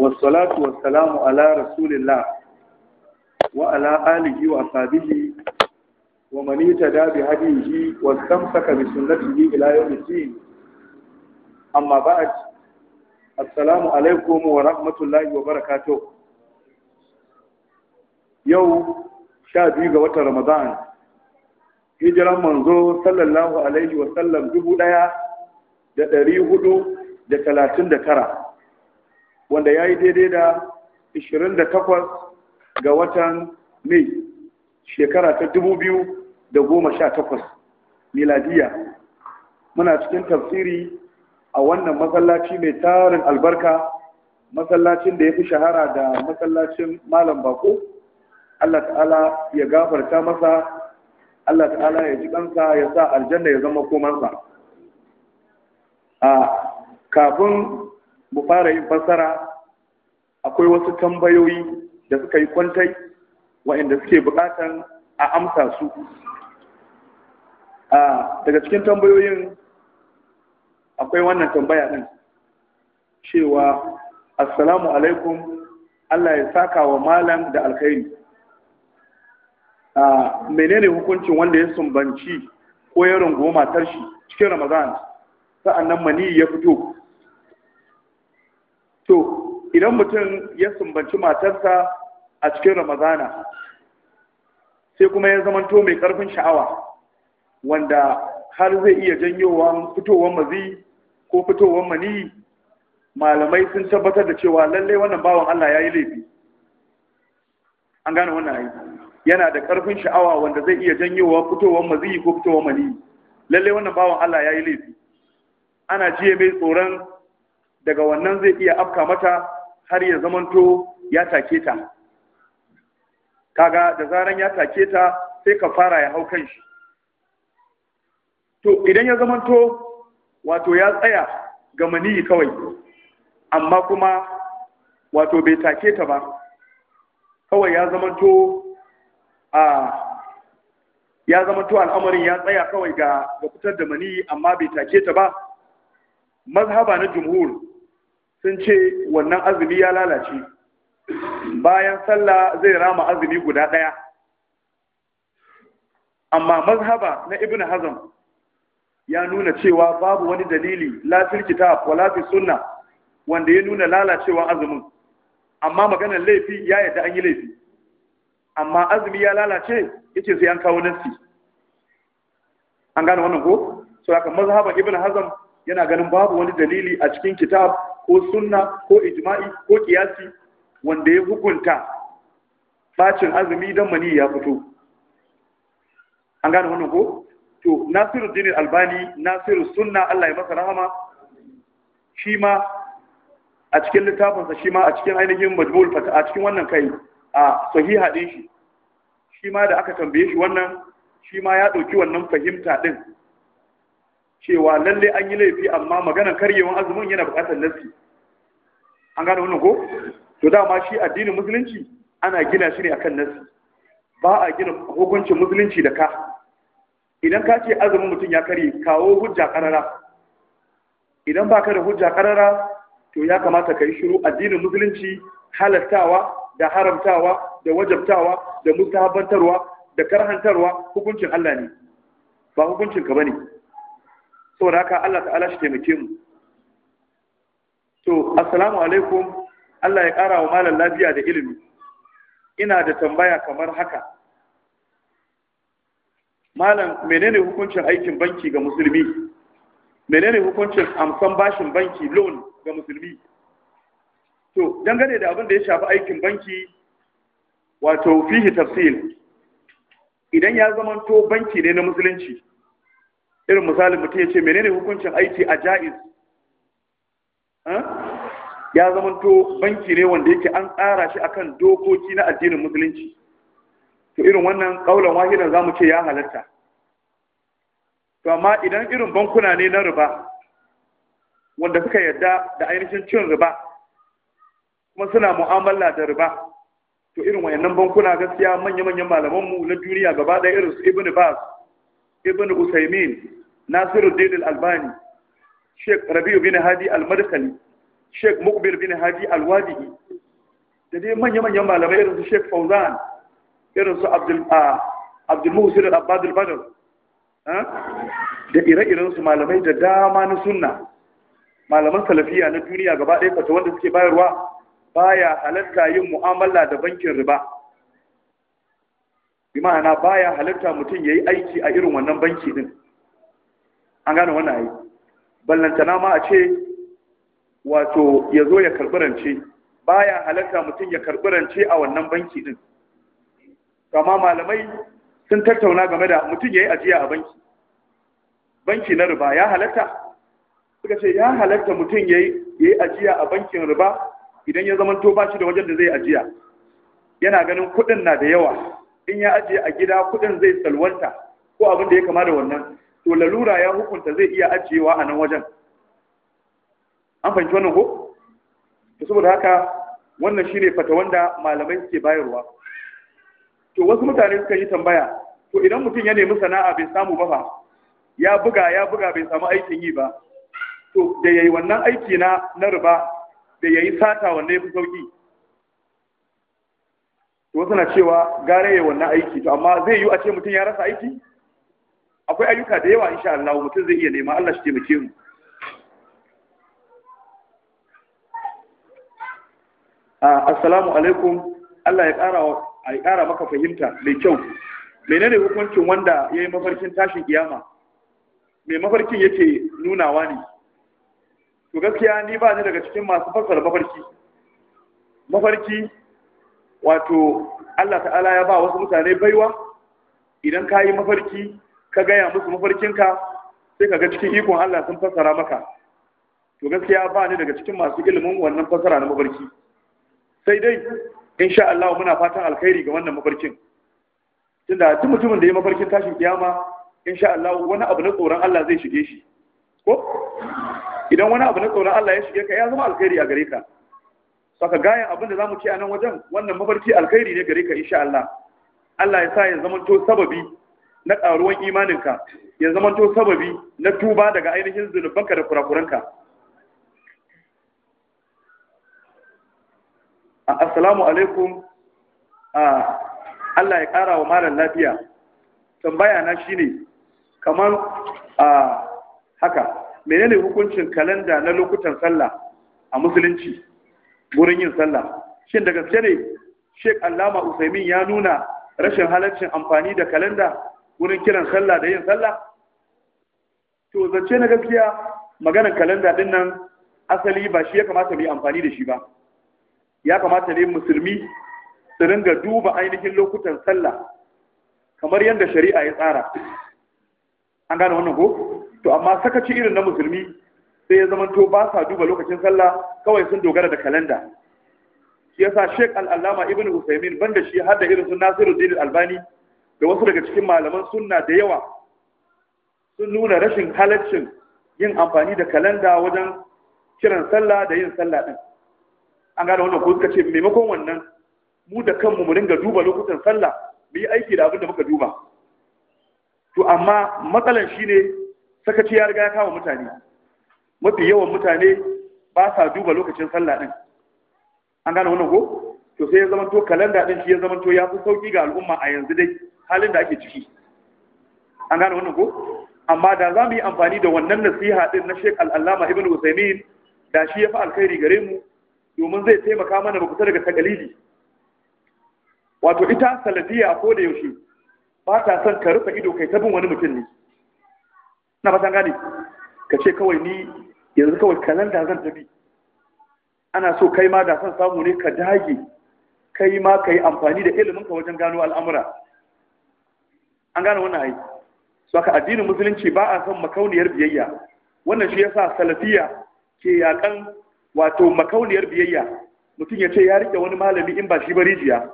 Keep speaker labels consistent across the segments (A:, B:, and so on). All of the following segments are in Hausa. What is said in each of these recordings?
A: wasu salatu ala rasulullah ala alihi wa sabihi wa mani ta dabi hadihi wa samsaka bi sun lati yi ilayen musu yi amma ba a assalamu alaikum wa rahmatullahi wa barakatau yau sha biyu ga watan ramadan hijiran manzo sallallahu alaihi wasallam dubu ɗaya da dari hudu da talatin da tara wanda ya yi daidai da 28 ga watan mai shekara ta 2018 miladiya muna cikin tafsiri a wannan masallaci mai tarin albarka masallacin da ya fi shahara da masallacin malam bako Allah ta'ala ya gafarta masa Allah ta'ala ya ji kansa ya sa aljanna ya zama komansa a kafin mu fara yin fassara akwai wasu tambayoyi da suka yi kwantai waɗanda suke buƙatan a amsa su daga cikin tambayoyin akwai wannan tambaya ɗin cewa assalamu alaikum Allah ya saka wa malam da alkhairi a menene hukuncin wanda ya sumbanci ko ya rungumi matar shi cikin ramadan sa'annan mani ya fito to idan mutum ya sumbanci matarsa a cikin ramadana sai kuma ya zamanto mai karfin sha'awa wanda har zai iya janyowa fitowar mazi ko fitowar mani malamai sun tabbatar da cewa lallai wannan bawan Allah ya yi laifi an gane wannan ayi yana da karfin sha'awa wanda zai iya janyowa fitowar mazi ko fitowar mani lallai wannan bawan Allah ya yi laifi ana jiye mai tsoron daga wannan zai iya afka mata har ya zamanto ya take ta kaga da zaran ya take ta sai ka fara ya hau kan shi to idan ya zamanto wato ya tsaya ga maniyi kawai amma kuma wato bai take ta ba kawai ya zamanto a ya zamanto al'amarin ya tsaya kawai ga ga fitar da maniyi amma bai take ta ba mazhaba na jumhur sun ce wannan azumi ya lalace bayan sallah zai rama azumi guda ɗaya amma mazhaba na ibn hazm ya nuna cewa babu wani dalili lafil kitab wa lafil sunna wanda ya nuna lalacewa azumin amma maganar laifi ya yadda an yi laifi amma azumi ya lalace yace sai an kawo nassi an gane wannan ko so haka mazhaban ibn hazm yana ganin babu wani dalili a cikin kitab ko sunna ko ijma'i ko kiyasi wanda ya hukunta bacin azumi don mani ya fito an gane wannan ko to nasiru dinin albani nasiru sunna allah ya masa rahama shi ma a cikin littafinsa shi ma a cikin ainihin majmul fata a cikin wannan kai a sahiha din shi shi ma da aka tambaye shi wannan shi ma ya ɗauki wannan fahimta din cewa lalle an yi laifi amma maganar karyewan azumin yana buƙatar nasi an gane wannan ko to dama shi addinin musulunci ana gina shi ne akan nasi ba a gina hukuncin musulunci da ka idan ka ce azumin mutum ya karye kawo hujja karara idan ba ka da hujja karara to ya kamata ka yi shiru addinin musulunci halartawa da haramtawa da wajabtawa da mutahabantarwa da karhantarwa hukuncin Allah ne ba hukuncin ka bane saboda haka Allah ta'ala shi taimake mu to assalamu alaikum Allah ya ƙara wa malam lafiya da ilimi ina da tambaya kamar haka malam menene hukuncin aikin banki ga musulmi menene hukuncin amsan bashin banki loan ga musulmi to dangane da abin da ya shafi aikin banki wato fihi tafsil idan ya zama to banki ne na musulunci irin misali mutum ya ce menene hukuncin aiki a ja'iz ya zamanto banki ne wanda yake an tsara shi akan dokoki na addinin musulunci to irin wannan kaulan wahidan za mu ce ya halatta to amma idan irin bankuna ne na riba wanda suka yarda da ainihin cin riba kuma suna mu'amala da riba to irin wayannan bankuna gaskiya manya-manyan malamanmu na duniya gaba ɗaya irin su ibn bas ibn usaimin ناصر الدين albani شيخ rabi'u بن هادي al شيخ مقبل بن هادي الوادي al من da dai manya-manyan malamai irin su sheikh fauzan irin su abdul ah, muhsin al-abbad ah, da ire-iren su malamai da dama na sunna malaman salafiya na duniya gaba ɗaya fata wanda suke bayarwa baya halatta yin mu'amala da bankin riba bi ma'ana baya halatta mutum yayi aiki a irin wannan banki din an gane wannan ai na ma a ce wato ya zo ya karɓi rance baya halatta mutum ya karɓi rance a wannan banki din kama malamai sun tattauna game da mutum ya yi ajiya a banki banki na riba ya halatta suka ce ya halatta mutum ya yi ajiya a bankin riba idan ya zama to bashi da wajen da zai ajiya yana ganin kuɗin na da yawa in ya ajiye a gida kuɗin zai salwanta ko abin da ya kama da wannan to lalura ya hukunta zai iya ajiyewa a nan wajen an fahimci wannan ko to saboda haka wannan shine fata wanda malamai suke bayarwa to wasu mutane suka yi tambaya to idan mutum ya nemi sana'a bai samu ba fa ya buga ya buga bai samu aikin yi ba to da yayi wannan aiki na na riba da yayi sata wanne yafi sauki to wasu na cewa gare ya wannan aiki to amma zai yi a ce mutum ya rasa aiki akwai ayyuka da yawa insha Allah mutum zai iya nema Allah shi taimake mu ah, assalamu alaikum Allah ya ƙara a ƙara maka fahimta mai kyau menene hukuncin wanda yayi yi mafarkin tashin kiyama mai mafarkin yake nunawa ne to gaskiya ni ba ni daga cikin masu fassara mafarki mafarki wato Allah ta'ala ya ba wasu mutane baiwa idan ka yi mafarki ka gaya musu mafarkinka sai ka ga cikin ikon Allah sun fassara maka to gaskiya ba ni daga cikin masu ilimin wannan fassara na mafarki sai dai insha Allah muna fatan alkhairi ga wannan mafarkin tunda duk mutumin da ya mafarkin tashin kiyama insha Allah wani abu na tsoron Allah zai shige shi ko idan wani abu na tsoron Allah ya shige ka ya zama alkhairi a gare ka saka gayan abin da zamu ci a nan wajen wannan mafarki alkhairi ne gare ka insha Allah Allah ya sa ya zama to sababi na ƙaruwan imaninka ya zamanto sababi na tuba daga ainihin zunubanka da kurakuranka assalamu alaikum Allah ya ƙara wa malam lafiya tambaya na ne, kamar haka menene hukuncin kalanda na lokutan sallah a musulunci wurin yin sallah shin da gaske ne Sheikh Allama Usaimin ya nuna rashin halaccin amfani da kalanda wurin kiran sallah da yin sallah to zance na gaskiya maganar kalanda din nan asali ba shi ya kamata mu yi amfani da shi ba ya kamata ne musulmi su ringa duba ainihin lokutan sallah kamar yadda shari'a ya tsara an gane wannan ko to amma sakaci irin na musulmi sai ya zama to ba sa duba lokacin sallah kawai sun dogara da kalanda shi yasa Sheikh Al-Allama Ibn usaimin banda shi har da irin su Nasiruddin Albani da wasu daga cikin malaman sunna da yawa sun nuna rashin halaccin yin amfani da kalanda wajen kiran sallah da yin sallah din an gane wannan ko suka ce maimakon wannan mu da kanmu mu ringa duba lokutan sallah mu yi aiki da abin da muka duba to amma matsalan shine sakaci ya riga ya kama mutane mafi yawan mutane ba sa duba lokacin sallah din an gane wannan ko to sai ya to kalanda din shi ya zamanto ya fi sauki ga al'umma a yanzu dai halin da ake ciki an gane wannan ko amma da za mu yi amfani da wannan nasiha din na Sheikh Al-Allama Ibn Uthaymeen da shi ya fi alkhairi gare mu domin zai taimaka mana mu kusa daga takalidi wato ita salafiya ko da yaushe ba ta son ka rufe ido kai ta bin wani mutum ne na fatan gane ka ce kawai ni yanzu kawai kalanda zan tafi ana so kai ma da son samu ne ka dage kai ma ka yi amfani da iliminka wajen gano al'amura an gane wannan ayi su haka addinin musulunci ba a son makauniyar biyayya wannan shi yasa salafiya ke yakan wato makauniyar biyayya mutum ya ce ya rike wani malami in ba shi ba rijiya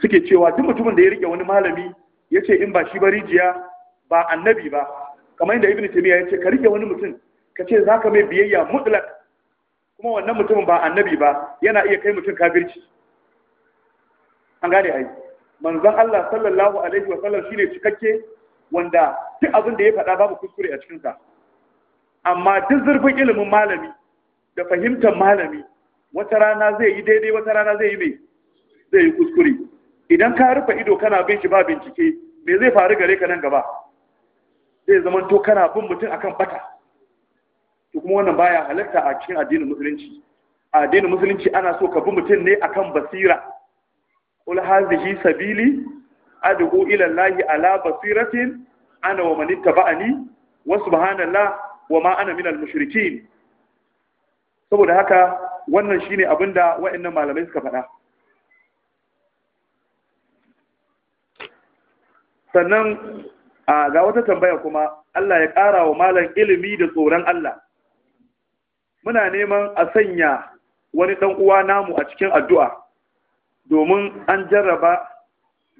A: suke cewa duk mutumin da ya rike wani malami ya ce in ba shi ba rijiya ba annabi ba kamar yadda ibn taymiya ya ce ka rike wani mutum ka ce zaka mai biyayya mutlak kuma wannan mutumin ba annabi ba yana iya kai mutum kafirci an gane ai manzon Allah sallallahu alaihi wa sallam shine cikakke wanda duk abin da ya faɗa babu kuskure a cikinsa amma duk zurfin ilimin malami da fahimtar malami wata rana zai yi daidai wata rana zai yi mai zai yi kuskure idan ka rufe ido kana bin shi ba bincike me zai faru gare ka nan gaba zai zama to kana bin mutum akan bata to kuma wannan baya halarta a cikin addinin musulunci a addinin musulunci ana so ka bi mutum ne akan basira قل هذه sabili ad'u ila الله ala basiratin ana wa اتبعني وسبحان الله وما wa من المشركين saboda haka wannan shine da waɗannan malamai suka faɗa sannan ga wata tambaya kuma Allah ya ƙara wa malam ilimi da tsoron Allah muna neman a sanya wani ɗan uwa namu a cikin addu'a domin an jarraba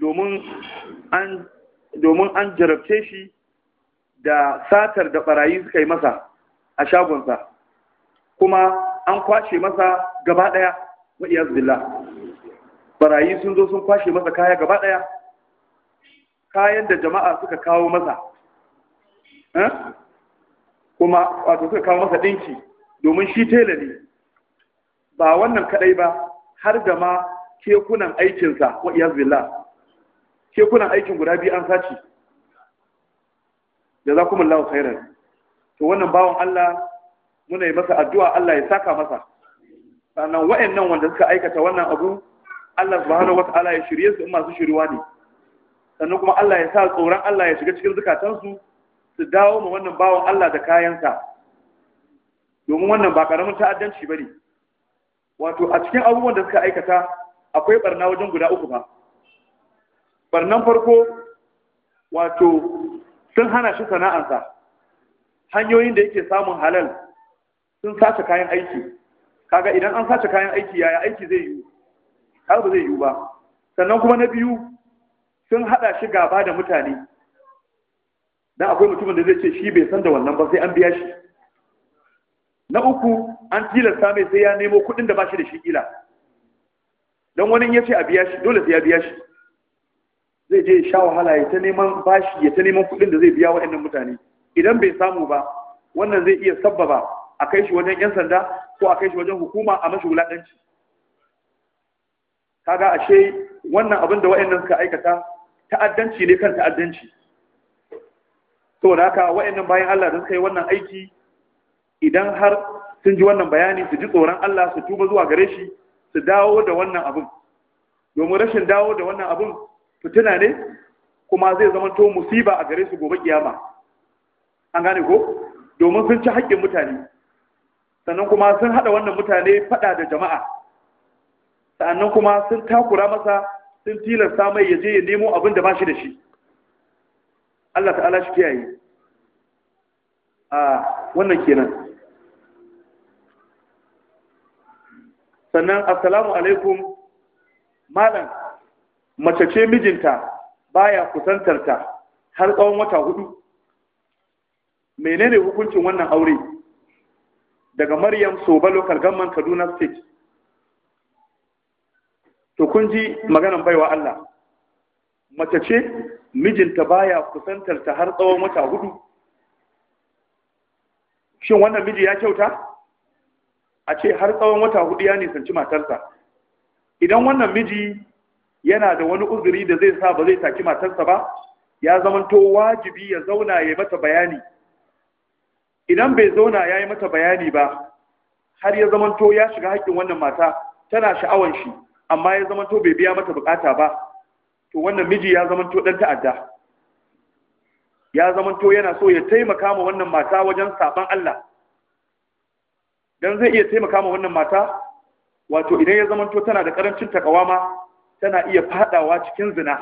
A: domin an domin an jarabce shi da satar da barayi suka yi masa a shagonsa kuma an kwashe masa gaba daya wa iyaz barayi sun zo sun kwashe masa kaya gaba daya kayan da jama'a suka kawo masa eh? kuma wato suka kawo masa dinki domin shi tela ne ba wannan kadai ba har da ma kekunan aikinsa wa iyaz kekunan aikin guda biyu an sace lawa khairan to wannan bawan Allah muna yi masa addu'a Allah ya saka masa sannan wa'annan wanda suka aikata wannan abu Allah subhanahu wata'ala ya shirye su in masu shiriwa ne sannan kuma Allah ya sa tsoron Allah ya shiga cikin zukatansu su dawo ma wannan bawan Allah da kayansa domin wannan ba karamin ta'addanci bane wato a cikin abubuwan da suka aikata akwai barna wajen guda uku ba barnan farko wato sun hana shi sana'ansa hanyoyin da yake samun halal sun sace kayan aiki kaga idan an sace kayan aiki yaya aiki zai yi har ba zai yi ba sannan kuma na biyu sun hada shi gaba da mutane dan akwai mutumin da zai ce shi bai san da wannan ba sai an biya shi na uku an tilasta mai sai ya nemo kuɗin da ba shi da shi kila don wani ya ce a biya shi dole sai ya biya shi zai je sha wahala ya ta neman bashi ya ta neman kuɗin da zai biya waɗannan mutane idan bai samu ba wannan zai iya sabbaba a kai shi wajen 'yan sanda ko a kai shi wajen hukuma a mashi wulaɗanci kaga ashe wannan abin da waɗannan suka aikata ta'addanci ne kan ta'addanci da haka waɗannan bayan Allah da suka yi wannan aiki idan har sun ji wannan bayani su ji tsoron Allah su tuba zuwa gare shi su dawo da wannan abin domin rashin dawo da wannan abin fitina ne kuma zai zama musiba a gare su gobe kiyama an gane ko domin sun ci haƙƙin mutane sannan kuma sun haɗa wannan mutane faɗa da jama'a sannan kuma sun takura masa sun tilasta mai ya je ya nemo abin da ba shi da shi Allah ta'ala shi kiyaye a ah, wannan kenan sannan assalamu alaikum malam mace ce mijinta baya kusantar ta har tsawon wata hudu menene hukuncin wannan aure daga maryam soba local government kaduna state to kun ji maganan baiwa allah mace ce mijinta baya kusantar ta har tsawon wata hudu shin wannan miji ya kyauta a ce har tsawon wata hudu ya nisanci matarsa idan wannan miji yana da wani uzuri da zai sa ba zai taki matarsa ba ya zamanto wajibi ya zauna ya yi mata bayani idan bai zauna ya yi mata bayani ba har ya zamanto ya shiga haƙƙin wannan mata tana sha'awan shi amma ya zamanto bai biya mata bukata ba to wannan miji ya zamanto dan ta'adda ya zamanto yana so ya taimaka ma wannan mata wajen saban Allah dan zai iya taimaka ma wannan mata wato idan ya zamanto tana da karancin takawa ma tana iya fadawa cikin zina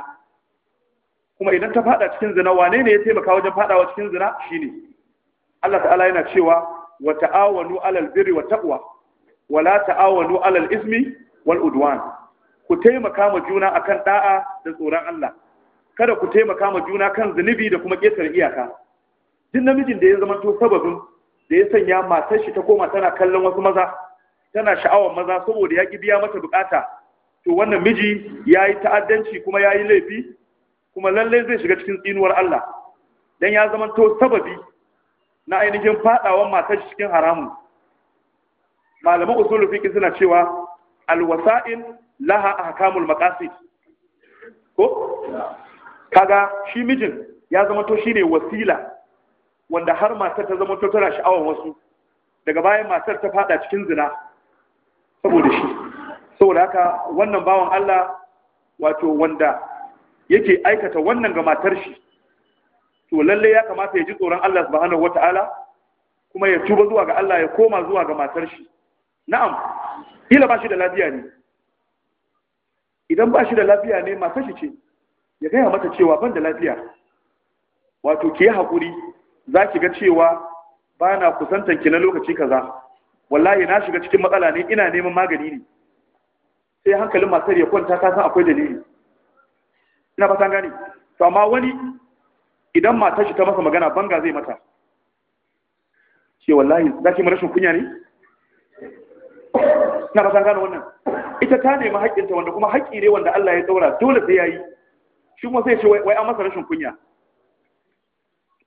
A: kuma idan ta fada cikin zina wane ne ya taimaka wajen fadawa cikin zina shine Allah ta'ala yana cewa wa ta'awanu alal birri wa taqwa wa la ta'awanu alal ismi wal udwan ku taimaka ma juna akan da'a da tsoron Allah kada ku taimaka ma juna kan zunubi da kuma ƙetare iyaka duk namijin da ya zamanto sababin da ya sanya matar shi ta koma tana kallon wasu maza tana sha'awar maza saboda ya ki biya mata bukata to wannan miji ya yi ta'addanci kuma ya yi laifi kuma lallai zai shiga cikin tsinuwar Allah dan ya zama to sababi na ainihin fadawan matar shi cikin haramun malaman usulul fiqh suna cewa alwasa'il laha ahkamul maqasid ko kaga shi mijin ya zama to shine wasila wanda har matar ta zama tana sha'awar wasu daga bayan matar ta fada cikin zina saboda shi saboda haka wannan bawan Allah wato wanda yake aikata wannan ga matar shi to lalle ya kamata ya ji tsoron Allah subhanahu wataala kuma ya tuba zuwa ga Allah ya koma zuwa ga matar shi na'am ila ba shi da lafiya ne idan ba shi da lafiya ne matar shi ce ya gaya mata cewa ban da lafiya wato ki yi haƙuri za ki ga cewa ba na kusantar ki na lokaci kaza wallahi na shiga cikin matsala ne ina neman magani ne sai hankalin matar ya kwanta ta san akwai dalili ina san gane to amma wani idan matar shi ta masa magana banga zai mata ce wallahi za ki rashin kunya ne ina san gane wannan ita ta nemi haƙƙinta wanda kuma haƙƙi ne wanda Allah ya daura dole sai yayi shi kuma sai ce wai an masa rashin kunya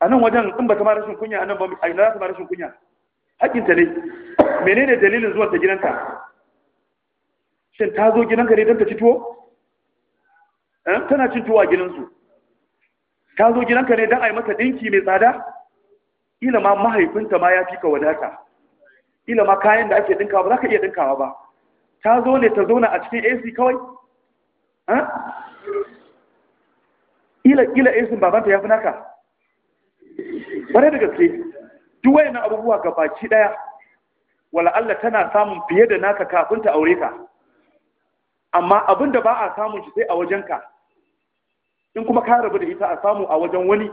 A: a nan wajen in ba ta ma rashin kunya a nan ba a ina za ta ma rashin kunya Hakinta ne menene dalilin zuwan ta gidanta shin ta zo gidanka ne don ta ci tuwo eh, tana cin tuwo a gidansu ta zo gidanka ne don a yi mata ɗinki mai tsada ila ma mahaifinta ma ya fi ka wadata ila ma kayan da ake ɗinkawa ba za ka iya ɗinkawa ba ta zo ne ta zauna a cikin ac kawai eh? ila ila ac babanta ya fi naka bare da gaske duk wayannan abubuwa ga baki daya wala Allah tana samun fiye da naka kafin ta aure ka amma abin da ba a samun shi sai a wajenka in kuma ka rabu da ita a samu a wajen wani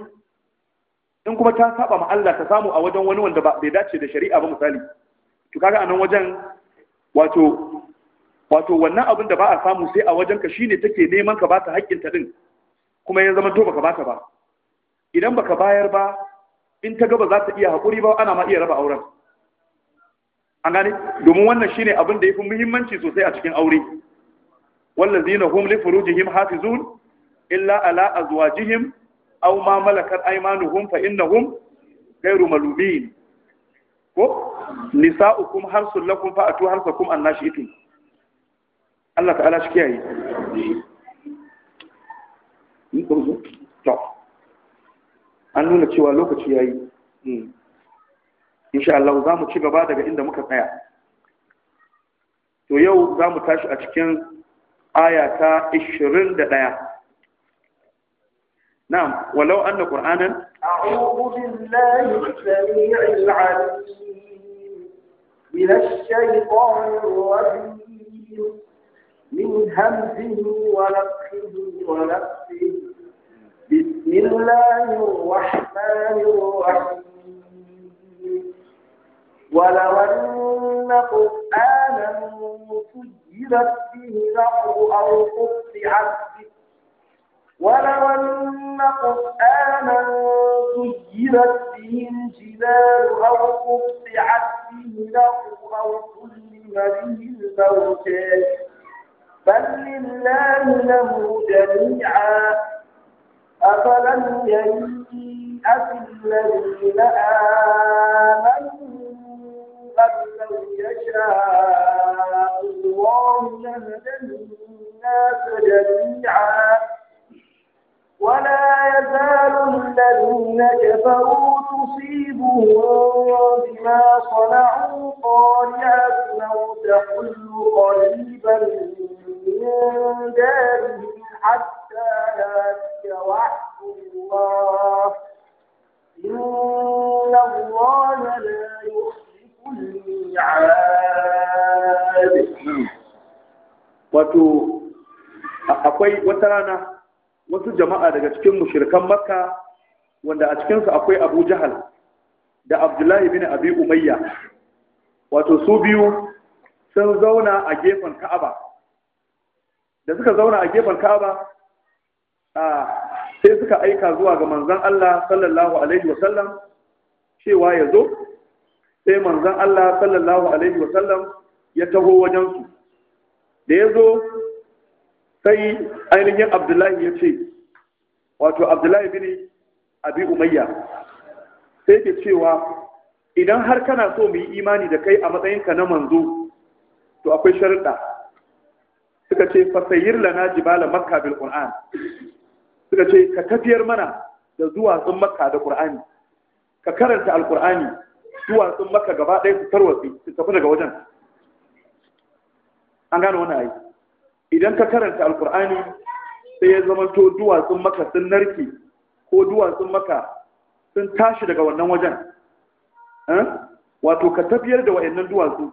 A: in kuma ta saba ma Allah ta samu a wajen wani wanda bai dace da shari'a ba misali to kaga anan wajen wato wato wannan abin da ba a samu sai a wajenka shine take neman ka bata ta din kuma ya zama to baka bata ba idan baka bayar ba in ta gaba za ta iya haƙuri ba ana ma iya raba auren an gani? domin wannan shine abin da ya fi muhimmanci sosai a cikin aure wallazina hum li hafi hafizun illa ala azwajihim au ma humfa, aymanuhum fa innahum ghayru malumin ko nisa'ukum harsul lakum fa atu harsakum itu Allah ta'ala shi kiyaye an nuna cewa lokaci ya yi hmm. insha Allah za mu ci gaba daga inda muka tsaya to yau za mu tashi a cikin aya ta 21 نعم ولو أن قرآنا
B: أعوذ من الشيطان الرجيم من همزه ونفخه ونفسه بسم الله الرحمن الرحيم ولو أن قرآنا سجلت به الأرض أو قطعت به ولو أن قرآنا سجلت به الجبال أو قطعت به الأرض أو كلم به الموتى بل لله الأمر جميعا أفلم ييأس الذين آمنوا أن لو يشاء الله لهدى الناس جميعا ولا يزال الذين كفروا تصيبهم بما صنعوا قارعة أو تحل قريبا من دارهم حتى يأتي وعد الله إن الله لا يخلف الميعاد
A: wato akwai wata rana wasu jama'a daga cikin mushirikan makka wanda a cikinsu akwai abu jahal da abdullahi bin abi umayya wato su biyu sun zauna a gefen ka'aba da suka zauna a gefen Ka'aba sai suka aika zuwa ga manzon Allah sallallahu alaihi wa sallam cewa ya zo sai manzon Allah sallallahu alaihi wa sallam ya taho wajen su da ya zo sai ainihin Abdullahi ya ce wato Abdullahi bin Abi Umayya sai ke cewa idan har kana so mu yi imani da kai a matsayinka na manzo to akwai sharuɗa suka ce fasayir lana jibala makka bil qur'an suka ce ka tafiyar mana da duwatsun makka da qur'ani ka karanta alqur'ani duwatsun makka gaba ɗaya su tarwatsi su tafi daga wajen an gano wani ayi idan ka karanta alqur'ani sai ya zamanto duwatsun makka sun narke ko duwatsun makka sun tashi daga wannan wajen eh? wato ka tafiyar da wayannan duwatsu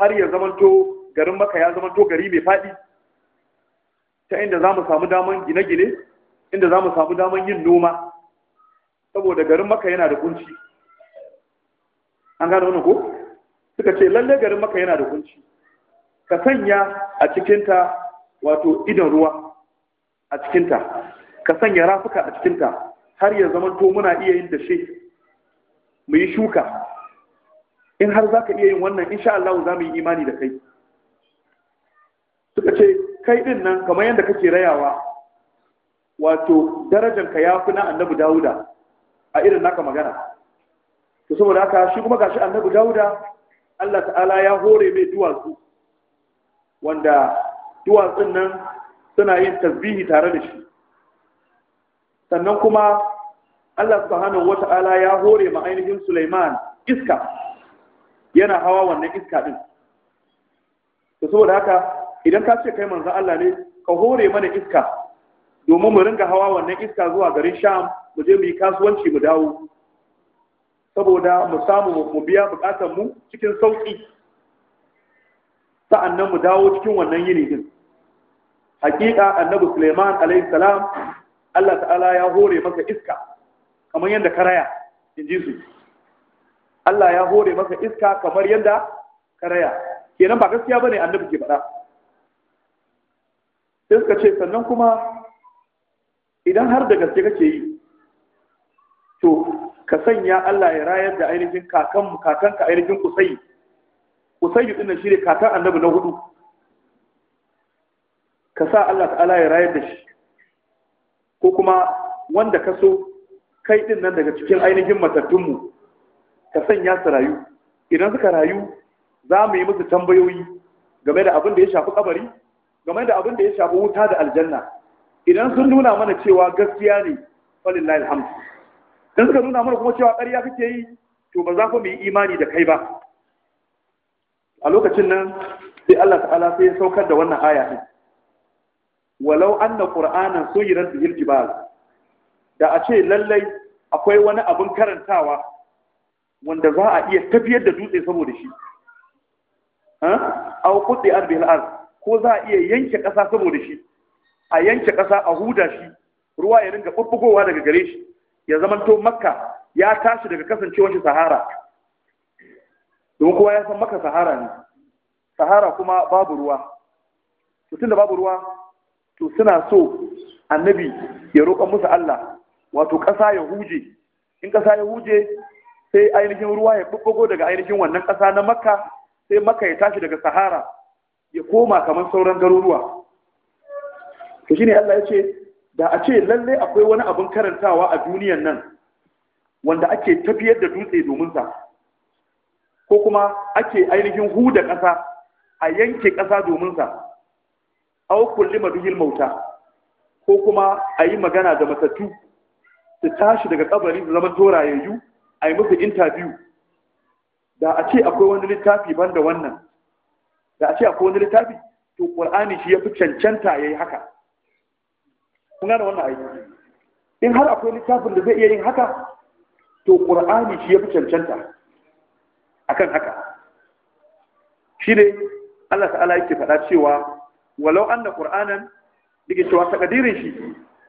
A: har ya zamanto garin maka ya zama to gari mai faɗi ta inda za mu samu daman gine-gine inda za mu samu daman yin noma saboda garin maka yana da kunci an gano wani ko suka ce lalle garin maka yana da kunci ka sanya a cikinta wato idan ruwa a cikinta ka sanya rafuka a cikinta har ya zama to muna iya yin dashe mu yi shuka in har za ka iya yin wannan insha Allah za mu yi imani da kai suka ce kai din nan kamar yadda kake rayawa wato darajanka ya fi na annabi dawuda a irin naka magana to saboda haka shi kuma gashi annabi dawuda allah ta'ala ya hore mai duwatsu wanda duwatsun nan suna yin tasbihi tare da shi sannan kuma allah subhanahu wata'ala ya hore ma ainihin sulaiman iska yana hawa wannan iska din to saboda haka idan ka ce kai manzo Allah ne ka hore mana iska domin mu ringa hawa wannan iska zuwa garin Sham mu je mu yi kasuwanci mu dawo saboda mu samu mu biya bukatar mu cikin sauki sa'annan mu dawo cikin wannan yini din hakika annabi Suleiman alayhi salam Allah ta'ala ya hore masa iska kamar yadda karaya inji su Allah ya hore masa iska kamar yadda karaya kenan ba gaskiya bane annabi ke faɗa sai suka ce sannan kuma idan har da gaske kake yi to ka sanya Allah ya rayar da ainihin kakan ka ainihin kusai kusai din nan shine kakan annabi na hudu ka sa Allah ta'ala ya rayar da shi ko kuma wanda ka so kai din nan daga cikin ainihin mu ka sanya su rayu idan suka rayu za mu yi musu tambayoyi game da abin da ya shafi kabari game da abin da ya shafi wuta da aljanna idan sun nuna mana cewa gaskiya ne falillahi alhamdu dan suka nuna mana kuma cewa ƙarya kake yi to ba za ku mu imani da kai ba a lokacin nan sai Allah ta'ala sai ya saukar da wannan aya din walau anna qur'ana suyirat bihil jibal da a ce lallai akwai wani abin karantawa wanda za a iya tafiyar da dutse saboda shi ha aw qudi ar bihil ko za a iya yanke ƙasa saboda shi a yanke ƙasa a huda shi ruwa ya ringa ɓuɓɓugowa daga gare shi ya zamanto makka ya tashi daga kasancewar shi sahara domin kowa ya san makka sahara ne sahara kuma babu ruwa to tunda babu ruwa to suna so annabi ya roƙa musu Allah wato ƙasa ya huje in ƙasa ya huje sai ainihin ruwa ya ɓuɓɓugo daga ainihin wannan ƙasa na makka sai makka ya tashi daga sahara ya koma kamar sauran garuruwa to shine Allah ya ce da a ce lalle akwai wani abin karantawa a duniyan nan wanda ake tafiyar da dutse domin sa ko kuma ake ainihin huda ƙasa a yanke ƙasa domin sa aw kullima mauta ko kuma a yi magana da matattu su tashi daga kabari su zama dorayayyu a yi musu intabiyu da a ce akwai wani littafi banda wannan da a ce akwai wani littafi to qur'ani shi yafi cancanta yayi haka kun gane wannan ayi in har akwai littafin da zai iya yin haka to qur'ani shi yafi cancanta akan haka shi ne Allah ta'ala yake faɗa cewa walau anna qur'anan dake cewa takadirin shi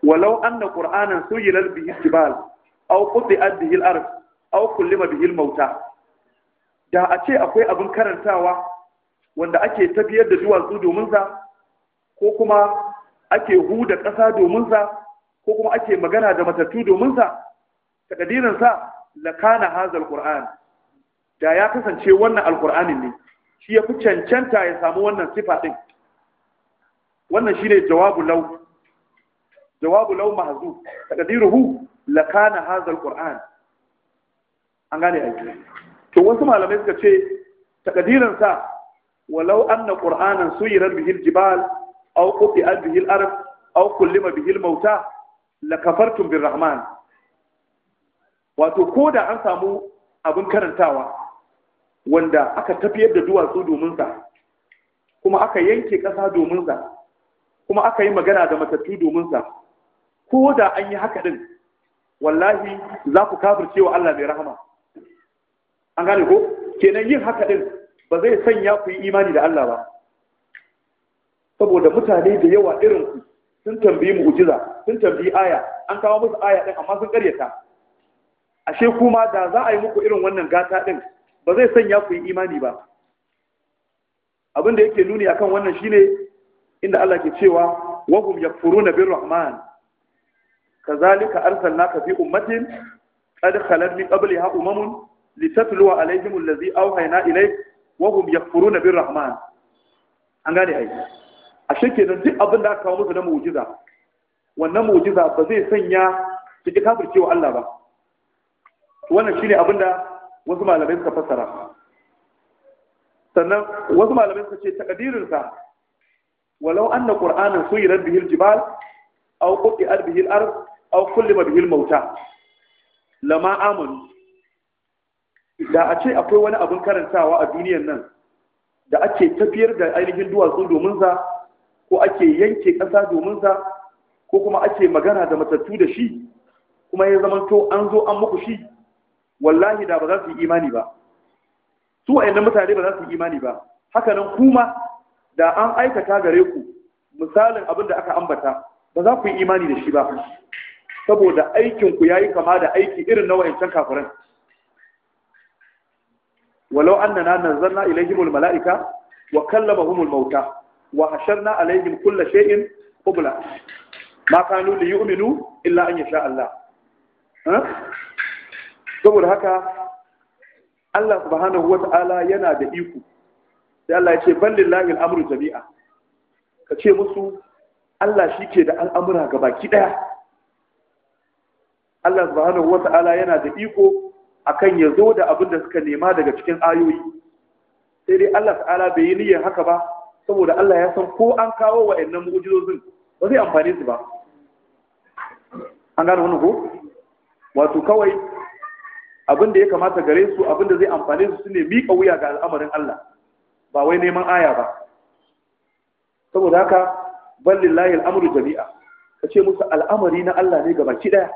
A: walau anna qur'anan sun yi lalbi aw au bihi al-ard aw kullima bihil mauta da a ce akwai abin karantawa wanda ake tafiyar da duwatsu domin sa ko kuma ake huda ƙasa domin sa ko kuma ake magana da matattu domin sa takadirin sa lakana hazal qur'an da ya kasance wannan alqur'anin ne shi ya fi cancanta ya samu wannan sifa din wannan shine jawabu law jawabu law mahzuf takadiruhu lakana hazal qur'an an gane aiki to wasu malamai suka ce takadirin sa ولو أن قرآنا suyirat به الجبال أو قطئ به الأرض أو arab به الموتى لكفرتم بالرحمن mauta lakafartum سامو wato ko da an samu abin karantawa wanda aka tafiyar da duwatsu domin sa kuma aka yanke ƙasa domin sa kuma aka yi magana da matattu domin sa ko da an yi haka din wallahi za ku Allah mai an gane ko kenan yin haka din ba zai sanya ku yi imani da Allah ba saboda mutane da yawa irin sun tambayi mu'jiza sun tambayi aya an kawo musu aya ɗin, amma sun karyata ashe kuma da za a yi muku irin wannan gata ɗin, ba zai sanya ku yi imani ba abin da yake nuni akan wannan shine inda Allah ke cewa wa hum yakfuruna bir rahman kazalika arsalnaka fi ummatin qad khalat min qabliha umamun litatluwa alaihim allazi awhayna ilayka wahum yakfuruna bir rahman an gane ai ashe kenan duk abin da aka kawo musu na mu'jiza wannan mu'jiza ba zai sanya su ji kafircewa Allah ba wannan shine abin da wasu malamai suka fassara sannan wasu malamai suka ce takadirin sa walau anna qur'ana suyirat bihil jibal aw quti'at bihil al-ard aw kullima bihil mauta lama amanu da a ce akwai wani abin karantawa a duniyan nan da ake tafiyar da ainihin duwatsu domin sa ko ake yanke ƙasa domin sa ko kuma ake magana da matattu da shi kuma ya zama to an zo an muku shi wallahi da ba za su yi imani ba su wa'annan mutane ba za su yi imani ba hakanan kuma da an aikata gare ku misalin abin da aka ambata ba za ku yi imani da shi ba saboda aikinku ya yi kama da aiki irin na wa'incan kafiran walau annana nazzalna ilayhimul mala'ika wa kallamahumul mauta wa hasharna alaihim kulla shay'in qubla ma kanu li yu'minu illa an yasha Allah saboda haka Allah subhanahu yana da iko sai Allah ya ce ballillahi jami'a ka ce musu Allah shi ke da al'amura gabaki daya Allah subhanahu yana da iko akan ya zo da abin da suka nema daga cikin ayoyi sai dai Allah ta'ala bai yi niyyar haka ba saboda Allah ya san ko an kawo wa wa'annan mu'jizozin ba zai amfane su ba an gane wannan ko wato kawai abin da ya kamata gare su abin da zai amfane su shine miƙa wuya ga al'amarin Allah ba wai neman aya ba saboda haka ballillahi al'amru jami'a kace musu al'amari na Allah ne gabaki daya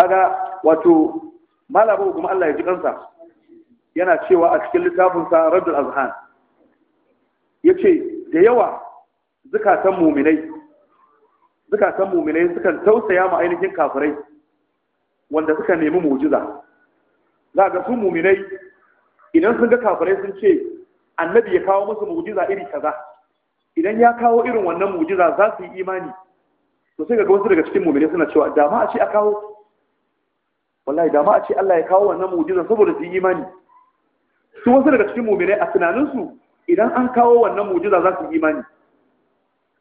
A: kaga wato malama kuma Allah ya ji kansa yana cewa a cikin littafinsa Raddul Azhan yace da yawa zukatan muminai zukatan muminai sukan tausaya ma ainihin kafirai wanda suka nemi mu'jiza za ga su muminai idan sun ga kafirai sun ce annabi ya kawo musu mu'jiza iri kaza idan ya kawo irin wannan mu'jiza za su yi imani to sai ga wasu daga cikin muminai suna cewa da ma a ce a kawo wallahi da ma a ce Allah ya kawo wannan mu'jiza saboda su imani su wasu daga cikin mu'minai a tunaninsu idan an kawo wannan mu'jiza za su imani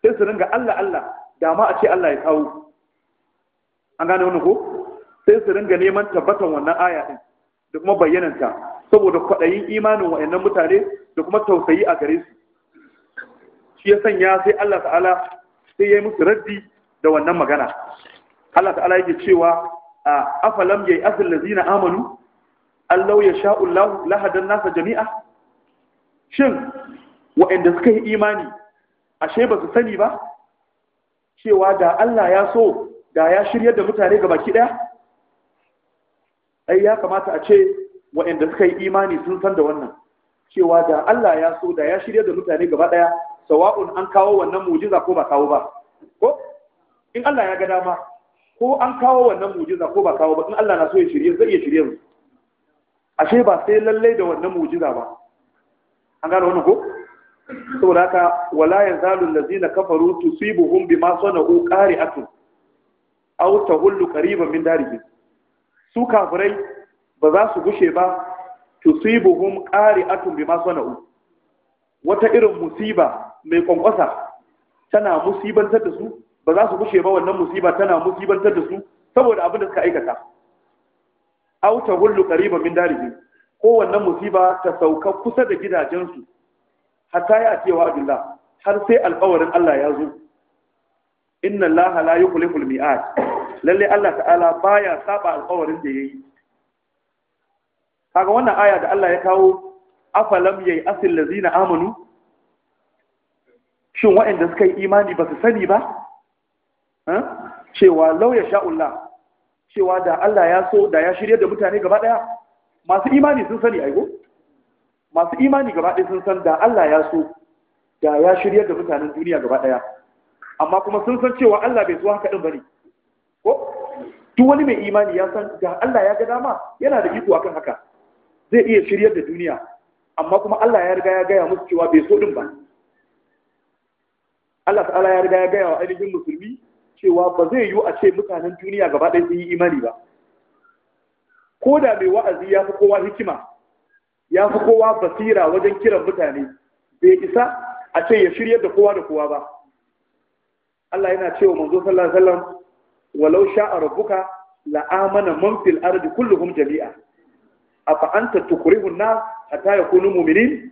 A: sai su ringa Allah Allah da ma a ce Allah ya kawo an gane wannan ko sai su ringa neman tabbatan wannan aya din da kuma ta saboda kwadayin imanin wa'annan mutane da kuma tausayi a gare su shi ya sanya sai Allah ta'ala sai ya yi musu raddi da wannan magana Allah ta'ala yake cewa afalam yayi asal lazina amanu allau ya sha'ullahu lahadan nasa jami'a shin wa'inda suka yi imani ashe ba su sani ba cewa da Allah ya so da ya shirya da mutane ga baki daya ai ya kamata a ce wa'inda suka yi imani sun san da wannan cewa da Allah ya so da ya shirya da mutane gaba daya sawa'un an kawo wannan mujiza ko ba kawo ba ko in Allah ya ga dama ko an kawo wannan mujiza ko ba kawo ba in Allah na so ya shirye zai iya shirye su ashe ba sai lallai da wannan mujiza ba an gano wannan ko saboda haka wala yanzalu allazina kafaru tusibuhum bima sanau qari'atu aw tahullu qariban min darihim su kafirai ba za su gushe ba tusibuhum qari'atu bima sanau wata irin musiba mai kwankwasa tana musibantar da su ba za su kushe ba wannan musiba tana musibantar da su saboda abin da suka aikata Auta hullu qariban min darihim ko wannan musiba ta sauka kusa da gidajensu hatta ya a wa abdullah har sai alƙawarin Allah ya zo inna Allah la yukhliful mi'ad lalle Allah ta'ala baya saba alƙawarin da yayi kaga wannan aya da Allah ya kawo afalam yayi asil ladina amanu shin waɗanda suka yi imani ba su sani ba cewa lau ya sha'ullah cewa da Allah ya so da ya shirya da mutane gaba ɗaya masu imani sun sani aigo masu imani gaba ɗaya sun san da Allah ya so da ya shirya da mutanen duniya gaba ɗaya amma kuma sun san cewa Allah bai so haka ɗin ne, ko duk wani mai imani ya san da Allah ya ga dama yana da iko akan haka zai iya shirya da duniya amma kuma Allah ya riga ya gaya musu cewa bai so din ba Allah ta'ala ya riga ya gaya wa ainihin musulmi cewa ba zai yiwu a ce mutanen duniya gaba ɗaya sun yi imani ba ko da mai wa'azi ya fi kowa hikima ya fi kowa basira wajen kiran mutane bai isa a ce ya shirya da kowa da kowa ba Allah yana cewa manzo sallallahu alaihi wasallam walau sha'a rabbuka la amana man fil ardi kulluhum jami'a afa anta tukrihu an-nas hatta yakunu mu'minin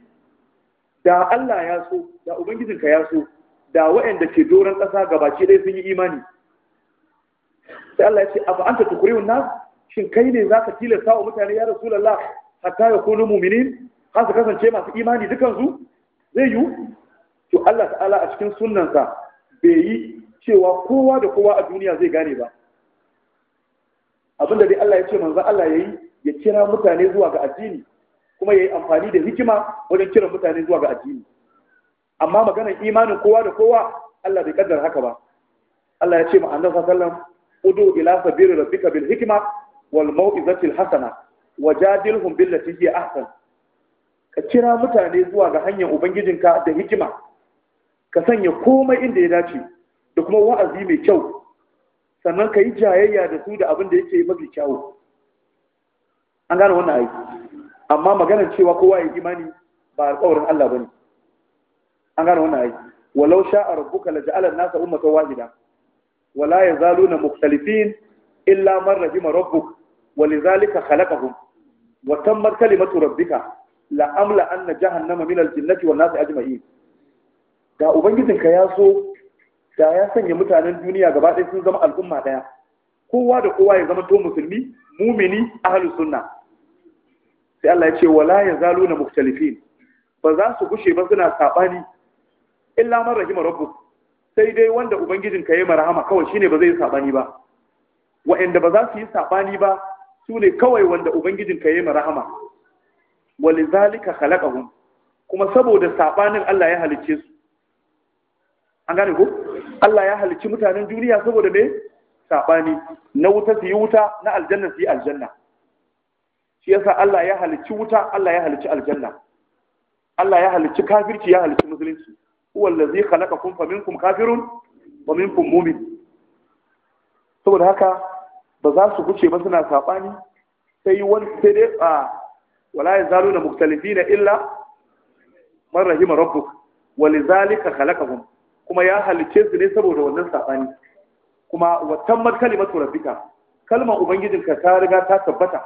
A: da Allah ya so da ubangijinka ya so da waɗanda ke doron ƙasa gabaci ɗaya sun yi imani sai Allah ya ce afa anta tukrihun nas shin kai ne za zaka tilasta wa mutane ya rasulullah hatta yakunu mu'minin har su kasance masu imani dukansu zai yiwu to Allah ta'ala a cikin sunnansa bai yi cewa kowa da kowa a duniya zai gane ba Abin da dai Allah ya ce manzo Allah ya yi ya kira mutane zuwa ga addini kuma ya yi amfani da hikima wajen kiran mutane zuwa ga addini amma maganar imanin kowa da kowa Allah bai kaddara haka ba Allah ya ce ma annabi sallallahu alaihi wasallam udu ila sabiri rabbika bil hikma wal mau'izati al hasana wajadilhum billati hiya ahsan ka kira mutane zuwa ga hanyar ubangijinka da hikima ka sanya komai inda ya dace da kuma wa'azi mai kyau sannan ka yi jayayya da su da abin da yake mafi kyau. an gane wannan aiki amma maganar cewa kowa ya yi imani ba alƙawarin Allah bane an gane wannan aiki walau sha'a rabbuka la ja'ala an-nasa ummatan wahida wala yazaluna mukhtalifin illa man rahima rabbuk khalaqahum wa وتمت kalimatu rabbika la an na jahannama min aljinnati wan nasi ajma'in da ubangijin ka ya so da ya sanya mutanen duniya gaba ɗaya sun zama al'umma ɗaya kowa da kowa ya zama to musulmi mumini ahlus sunna sai Allah ya ce wala yazaluna mukhtalifin ba za su gushe ba suna sabani illa man rahima rabbuk sai dai wanda ubangijin ka yayi marhama kawai shine ba zai yi sabani ba wa'anda ba za su yi sabani ba sune kawai wanda ubangijin ka yayi marhama walizalika khalaqahum kuma saboda sabanin Allah ya halicce su an gane ko Allah ya halicci mutanen duniya saboda me sabani na wuta su yi wuta na aljanna su yi aljanna shi yasa Allah ya halicci wuta Allah ya halicci aljanna Allah ya halicci kafirci ya halicci musulunci huwa allazi khalaqakum fa faminkum kafirun wa minkum mu'min saboda haka ba za su guce ba suna sabani sai wani sai dai a wala yazaluna mukhtalifina illa man rahima rabbuk walizalika khalaqahum kuma ya halice su ne saboda wannan sabani kuma watammat kalimatu rabbika ubangijin ka ta riga ta tabbata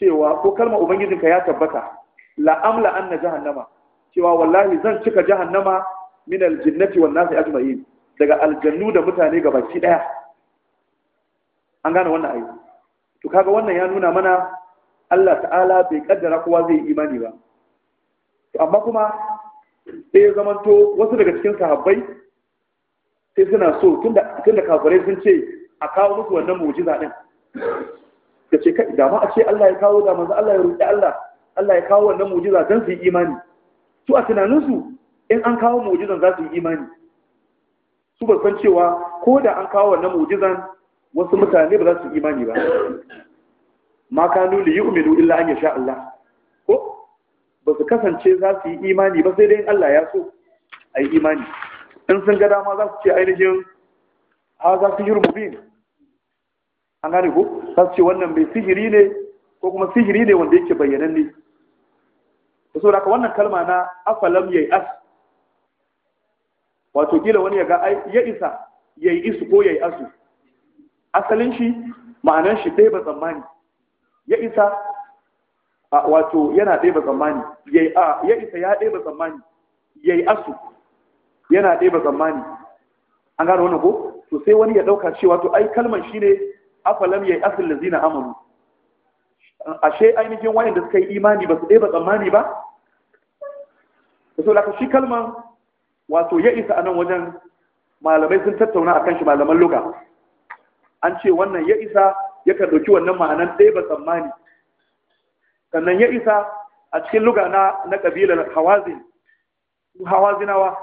A: cewa ko kalma ubangijin ka ya tabbata la'amla anna jahannama cewa wallahi zan cika jahannama min aljinnati wan nasi ajma'in daga aljannu da mutane gabaki daya an gane wannan ayi to kaga wannan ya nuna mana Allah ta'ala bai kaddara kowa zai yi imani ba to amma kuma sai ya zamanto wasu daga cikin sahabbai sai suna so tunda tunda kafirai sun ce a kawo musu wannan mu'jiza din da ce kai da ma a ce Allah ya kawo da manzo Allah ya roki Allah Allah ya kawo wannan mu'jiza dan su yi imani su a tunaninsu in an kawo mu'jizan za su yi imani su ba san cewa ko da an kawo wannan mu'jizan wasu mutane ba za su yi imani ba ma ka nuna, yi yu'minu illa an yasha Allah ko ba su kasance za su yi imani ba sai dai Allah ya so a yi imani in sun ga dama za su ce ainihin ha za su yi rububi an gane ko za su ce wannan mai sihiri ne ko kuma sihiri ne wanda yake ne. da saboda wannan kalma na afalam yayi as wato kila wani ya ga ya isa yayi isu ko yayi asu asalin shi ma'anar shi ɗaya ba tsammani ya isa wato yana ɗaya ba tsammani ya isa ya ɗaya ba tsammani yayi asu yana ɗaya ba tsammani an gane wannan ko to sai wani ya ɗauka cewa to ai kalman shi ne afalam yayi asul lazina amanu ashe ainihin wayanda da suka yi imani ba su ɗaya ba tsammani ba da shi kalman wato ya isa a nan wajen malamai sun tattauna akan shi malaman luka an ce wannan ya isa yakan ɗauki wannan ma'anan ɗaya ba tsammani sannan ya isa a cikin luga na na ƙabilar hawazin hawazinawa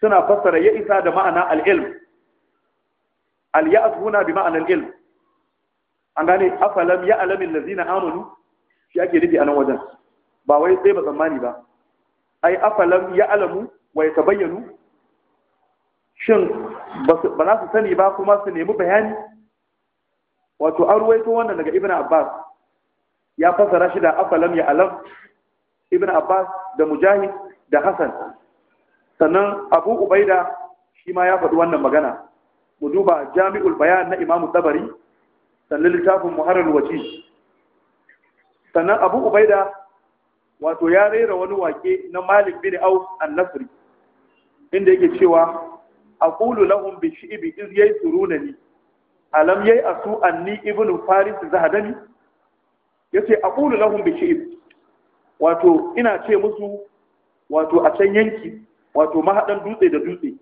A: suna fassara ya isa da ma'ana al'ilm al huna bi ma'anar ilm an gane afalam ya alamin lazina amanu shi ake nufi a nan wajen ba wai sai ba tsammani ba ai afalam ya alamu wa ya tabayyanu shin ba za su sani ba kuma su nemi bayani wato an ruwaito wannan daga ibn abbas ya fasara shi da afalam ya alam ibn abbas da mujahid da Hassan. sannan abu ubaida shi ma ya faɗi wannan magana mu duba jami'ul bayan na imamu tabari sannan littafin muharar waje sannan abu ubaida wato ya rera wani wake na malik bin au an-nasri inda yake cewa aqulu lahum bi shi'bi iz ni. alam yai asu anni ibnu faris zahadani yace aqulu lahum bi shi'b wato ina ce musu wato a can yanki wato mahaɗan dutse da dutse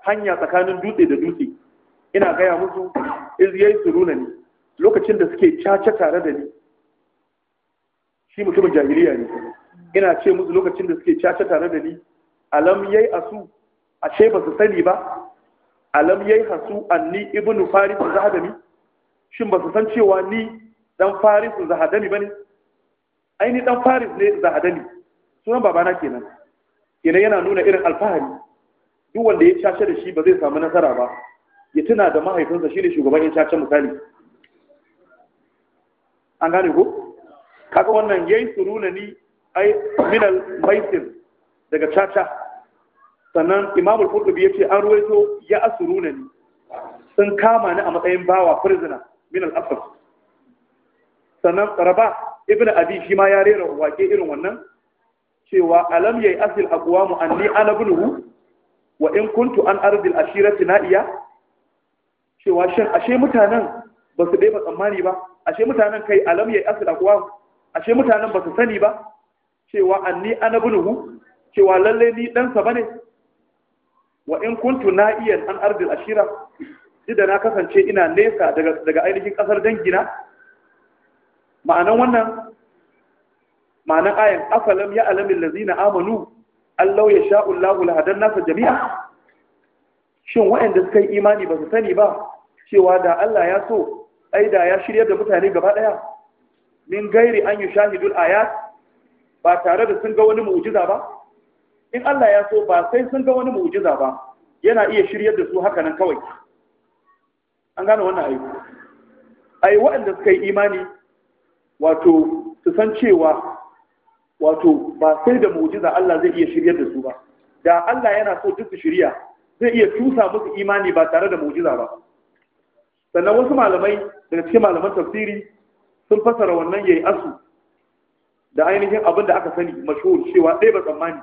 A: hanya tsakanin dutse da dutse ina gaya musu iz ni. lokacin da suke caca tare da ni shi mutumin jahiliya ne ina ce musu lokacin da suke caca tare da ni alam yayi asu ce ba su sani ba alam yayi hasu anni ibnu faris zahadami shin ba su san cewa ni dan faris zahadami bane ai ni dan faris ne zahadami sunan babana kenan kenan yana nuna irin alfahari duk wanda ya caca da shi ba zai samu nasara ba ya tuna da mahaifinsa shine shugaban ya caca misali an gane ko kaga wannan yayi suruna ni ai minal maisir daga caca sannan imam al-qurtubi yace an ruwaito ya asuruna ni sun kama ni a matsayin bawa prisoner minal asr sannan raba ibnu abi shi ma ya rera wake irin wannan cewa alam yayi asil aqwamu anni ana bunuhu wa in kuntu an ardil ashirati na'iya cewa shin ashe mutanen ba su ɗaya tsammani ba ashe mutanen kai alam ya yi asu kuwa? ashe mutanen ba su sani ba cewa ni anni hu? cewa lallai ni ɗansa ba ne? wa in kuntu na iya an ardil ashira idan na kasance ina nesa daga ainihin kasar dangina ma'anan wannan ma'anan ayan afalam ya alamin lazina amanu allau ya sha Allahu lahadan nasa jami'a shin waɗanda suka yi imani ba su sani ba cewa da Allah ya so ai da ya shirya da mutane gaba daya min gairi an yi shahidul ayat ba tare da sun ga wani mu'jiza ba in Allah ya so ba sai sun ga wani mu'jiza ba yana iya shiryar da su haka nan kawai an gane wannan ayi ai waɗanda suka yi imani wato su san cewa wato ba sai da mu'jiza Allah zai iya shiryar da su ba da Allah yana so duk su shirya zai iya tusa musu imani ba tare da mu'jiza ba sannan wasu malamai daga cikin malaman tafsiri sun fasara wannan yayi asu da ainihin abin da aka sani mashhur cewa ɗaya ba tsammani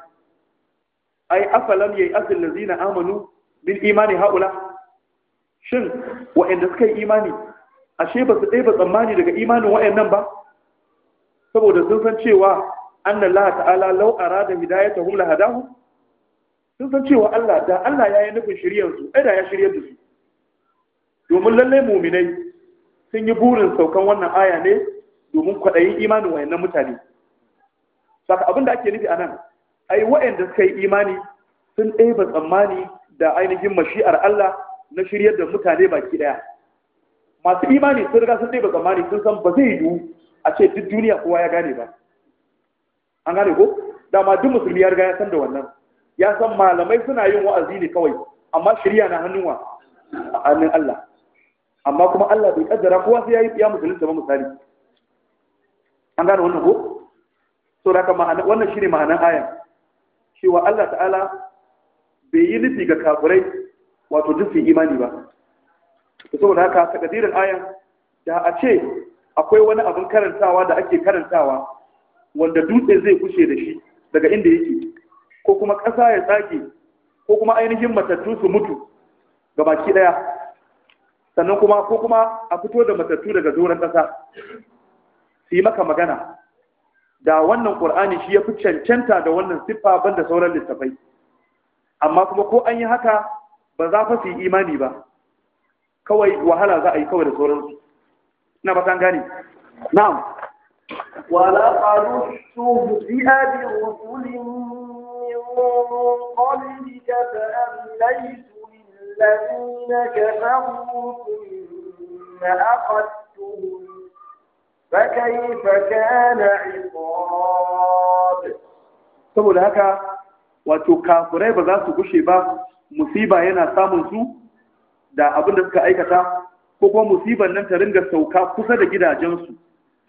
A: ai afalam yayi asu lazina amanu min imani haula shin wa'anda suka yi imani ashe ba su ɗaya ba tsammani daga imanin wa'annan ba saboda sun san cewa anna ta'ala law arada hidayatahum la hadahu sun san cewa Allah da Allah ya yi nufin shiryar su ai da ya shiryar da su domin lalle mu'minai sun yi burin saukan wannan aya ne domin kwaɗayin imanin wayannan mutane saka abin da ake nufi a nan ai wayanda suka yi imani sun ɗeba tsammani da ainihin mashi'ar Allah na shiryar da mutane baki ɗaya masu imani sun riga sun ɗeba tsammani sun san ba zai yi a ce duk duniya kowa ya gane ba an gane ko dama duk musulmi ya riga ya san da wannan ya san malamai suna yin wa'azi ne kawai amma shirya na hannuwa a hannun Allah amma kuma Allah bai kaddara kowa sai yayi ya musulun ba misali an gane wannan ko so da haka ma'ana wannan shine ma'anan ayan cewa Allah ta'ala bai yi nufi ga kafirai wato duk imani ba saboda haka takadirin ayan da a ce akwai wani abin karantawa da ake karantawa wanda dutse zai kushe da shi daga inda yake ko kuma ƙasa ya tsage ko kuma ainihin matattu su mutu ga baki ɗaya sannan kuma ko kuma a fito da matattu daga doron ƙasa su yi maka magana da wannan ƙur'ani shi ya fi cancanta da wannan siffa ban da sauran littafai amma kuma ko an yi haka ba za fa su yi imani ba kawai wahala za a yi kawai da sauransu ina ba san gane na'am
B: ولقد استهزئ برسل من الذين كفروا ثم أخذتهم
A: فكيف كان
B: عقاب
A: saboda haka wato kafurai ba za su gushe ba musiba yana samun su da abin da suka aikata ko kuma musiban nan ta ringa sauka kusa da gidajensu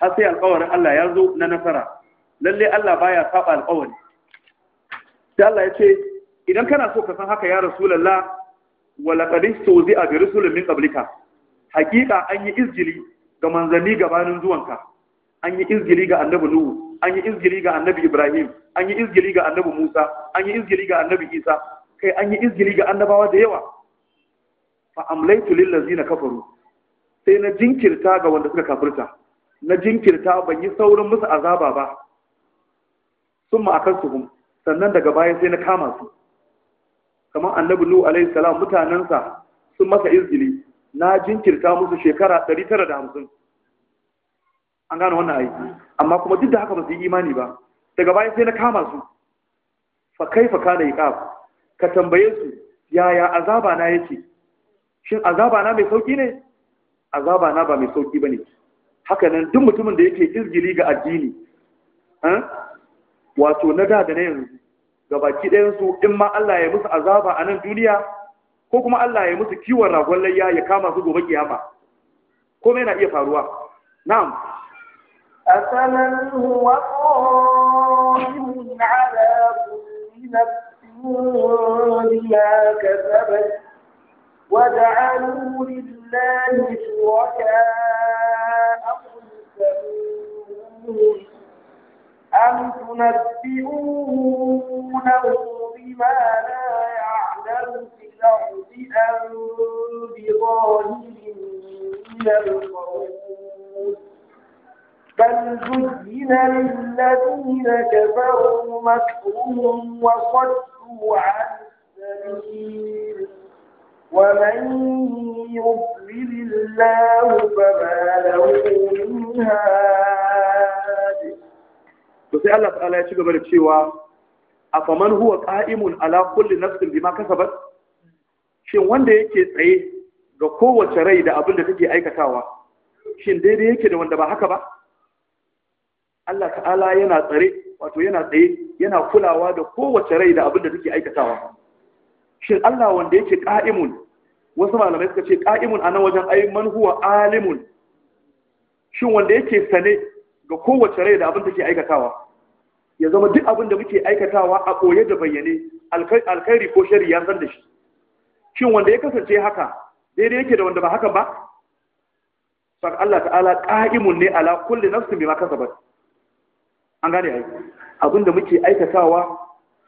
A: har sai alƙawarin Allah ya zo na nasara lalle Allah baya saba alƙawari sai Allah ya ce idan kana so ka san haka ya rasulullah walaqad a bi rusulin min qablika haqiqa an yi izgili ga manzanni gabanin zuwanka an yi izgili ga annabi nuhu an yi izgili ga annabi ibrahim an yi izgili ga annabi musa an yi izgili ga annabi isa kai an yi izgili ga annabawa da yawa fa amlaitu lil ladzina kafaru sai na jinkirta ga wanda suka kafirta na jinkirta ban yi saurin musu azaba ba summa kuma, sannan daga baya sai na kama su kamar annabi nuhu alaihi salam mutanansa sun masa izgili na jinkirta musu shekara 950 an gane wannan aiki amma kuma duk da haka ba su yi imani ba daga bayan sai na kama su fa kai fa kana yaka ka tambaye su yaya azaba na yake shin azaba na mai sauki ne azaba na ba mai sauki bane haka nan duk mutumin da yake izgili ga addini eh, wato na da da na yanzu gabaki ɗayan su in ma Allah ya musu azaba a nan duniya ko kuma Allah ya musu kiwon ragon layya ya kama su gobe kiyama komai na iya faruwa na'am
B: asaman huwa qawmun ala kulli nafsin bima kasabat wa ja'alu lillahi shuraka أم تنبئونه بما لا يعلم في الأرض أم بظاهر من القول بل زين للذين كفروا مكرهم وصدوا عن السبيل ومن يضلل الله فما له من هاد
A: to sai Allah ta'ala ya ci gaba da cewa afaman huwa qa'imun ala kulli nafsin bima kasabat shin wanda yake tsaye ga kowace rai da abin da take aikatawa shin daidai yake da wanda ba haka ba Allah ta'ala yana tsare wato yana tsaye yana kulawa da kowace rai da abin da take aikatawa shin Allah wanda yake qa'imun wasu malamai suka ce qa'imun nan wajen ayin man huwa alimun shin wanda yake sane ga kowace rai da abin da take aikatawa ya zama duk abin da muke aikatawa a ɓoye da bayyane alkhairi ko shari ya san da shi shin wanda ya kasance haka daidai yake da wanda ba haka ba saka Allah ta'ala qa'imun ne ala kulli nafsin bima kasabat an gane ai abinda muke aikatawa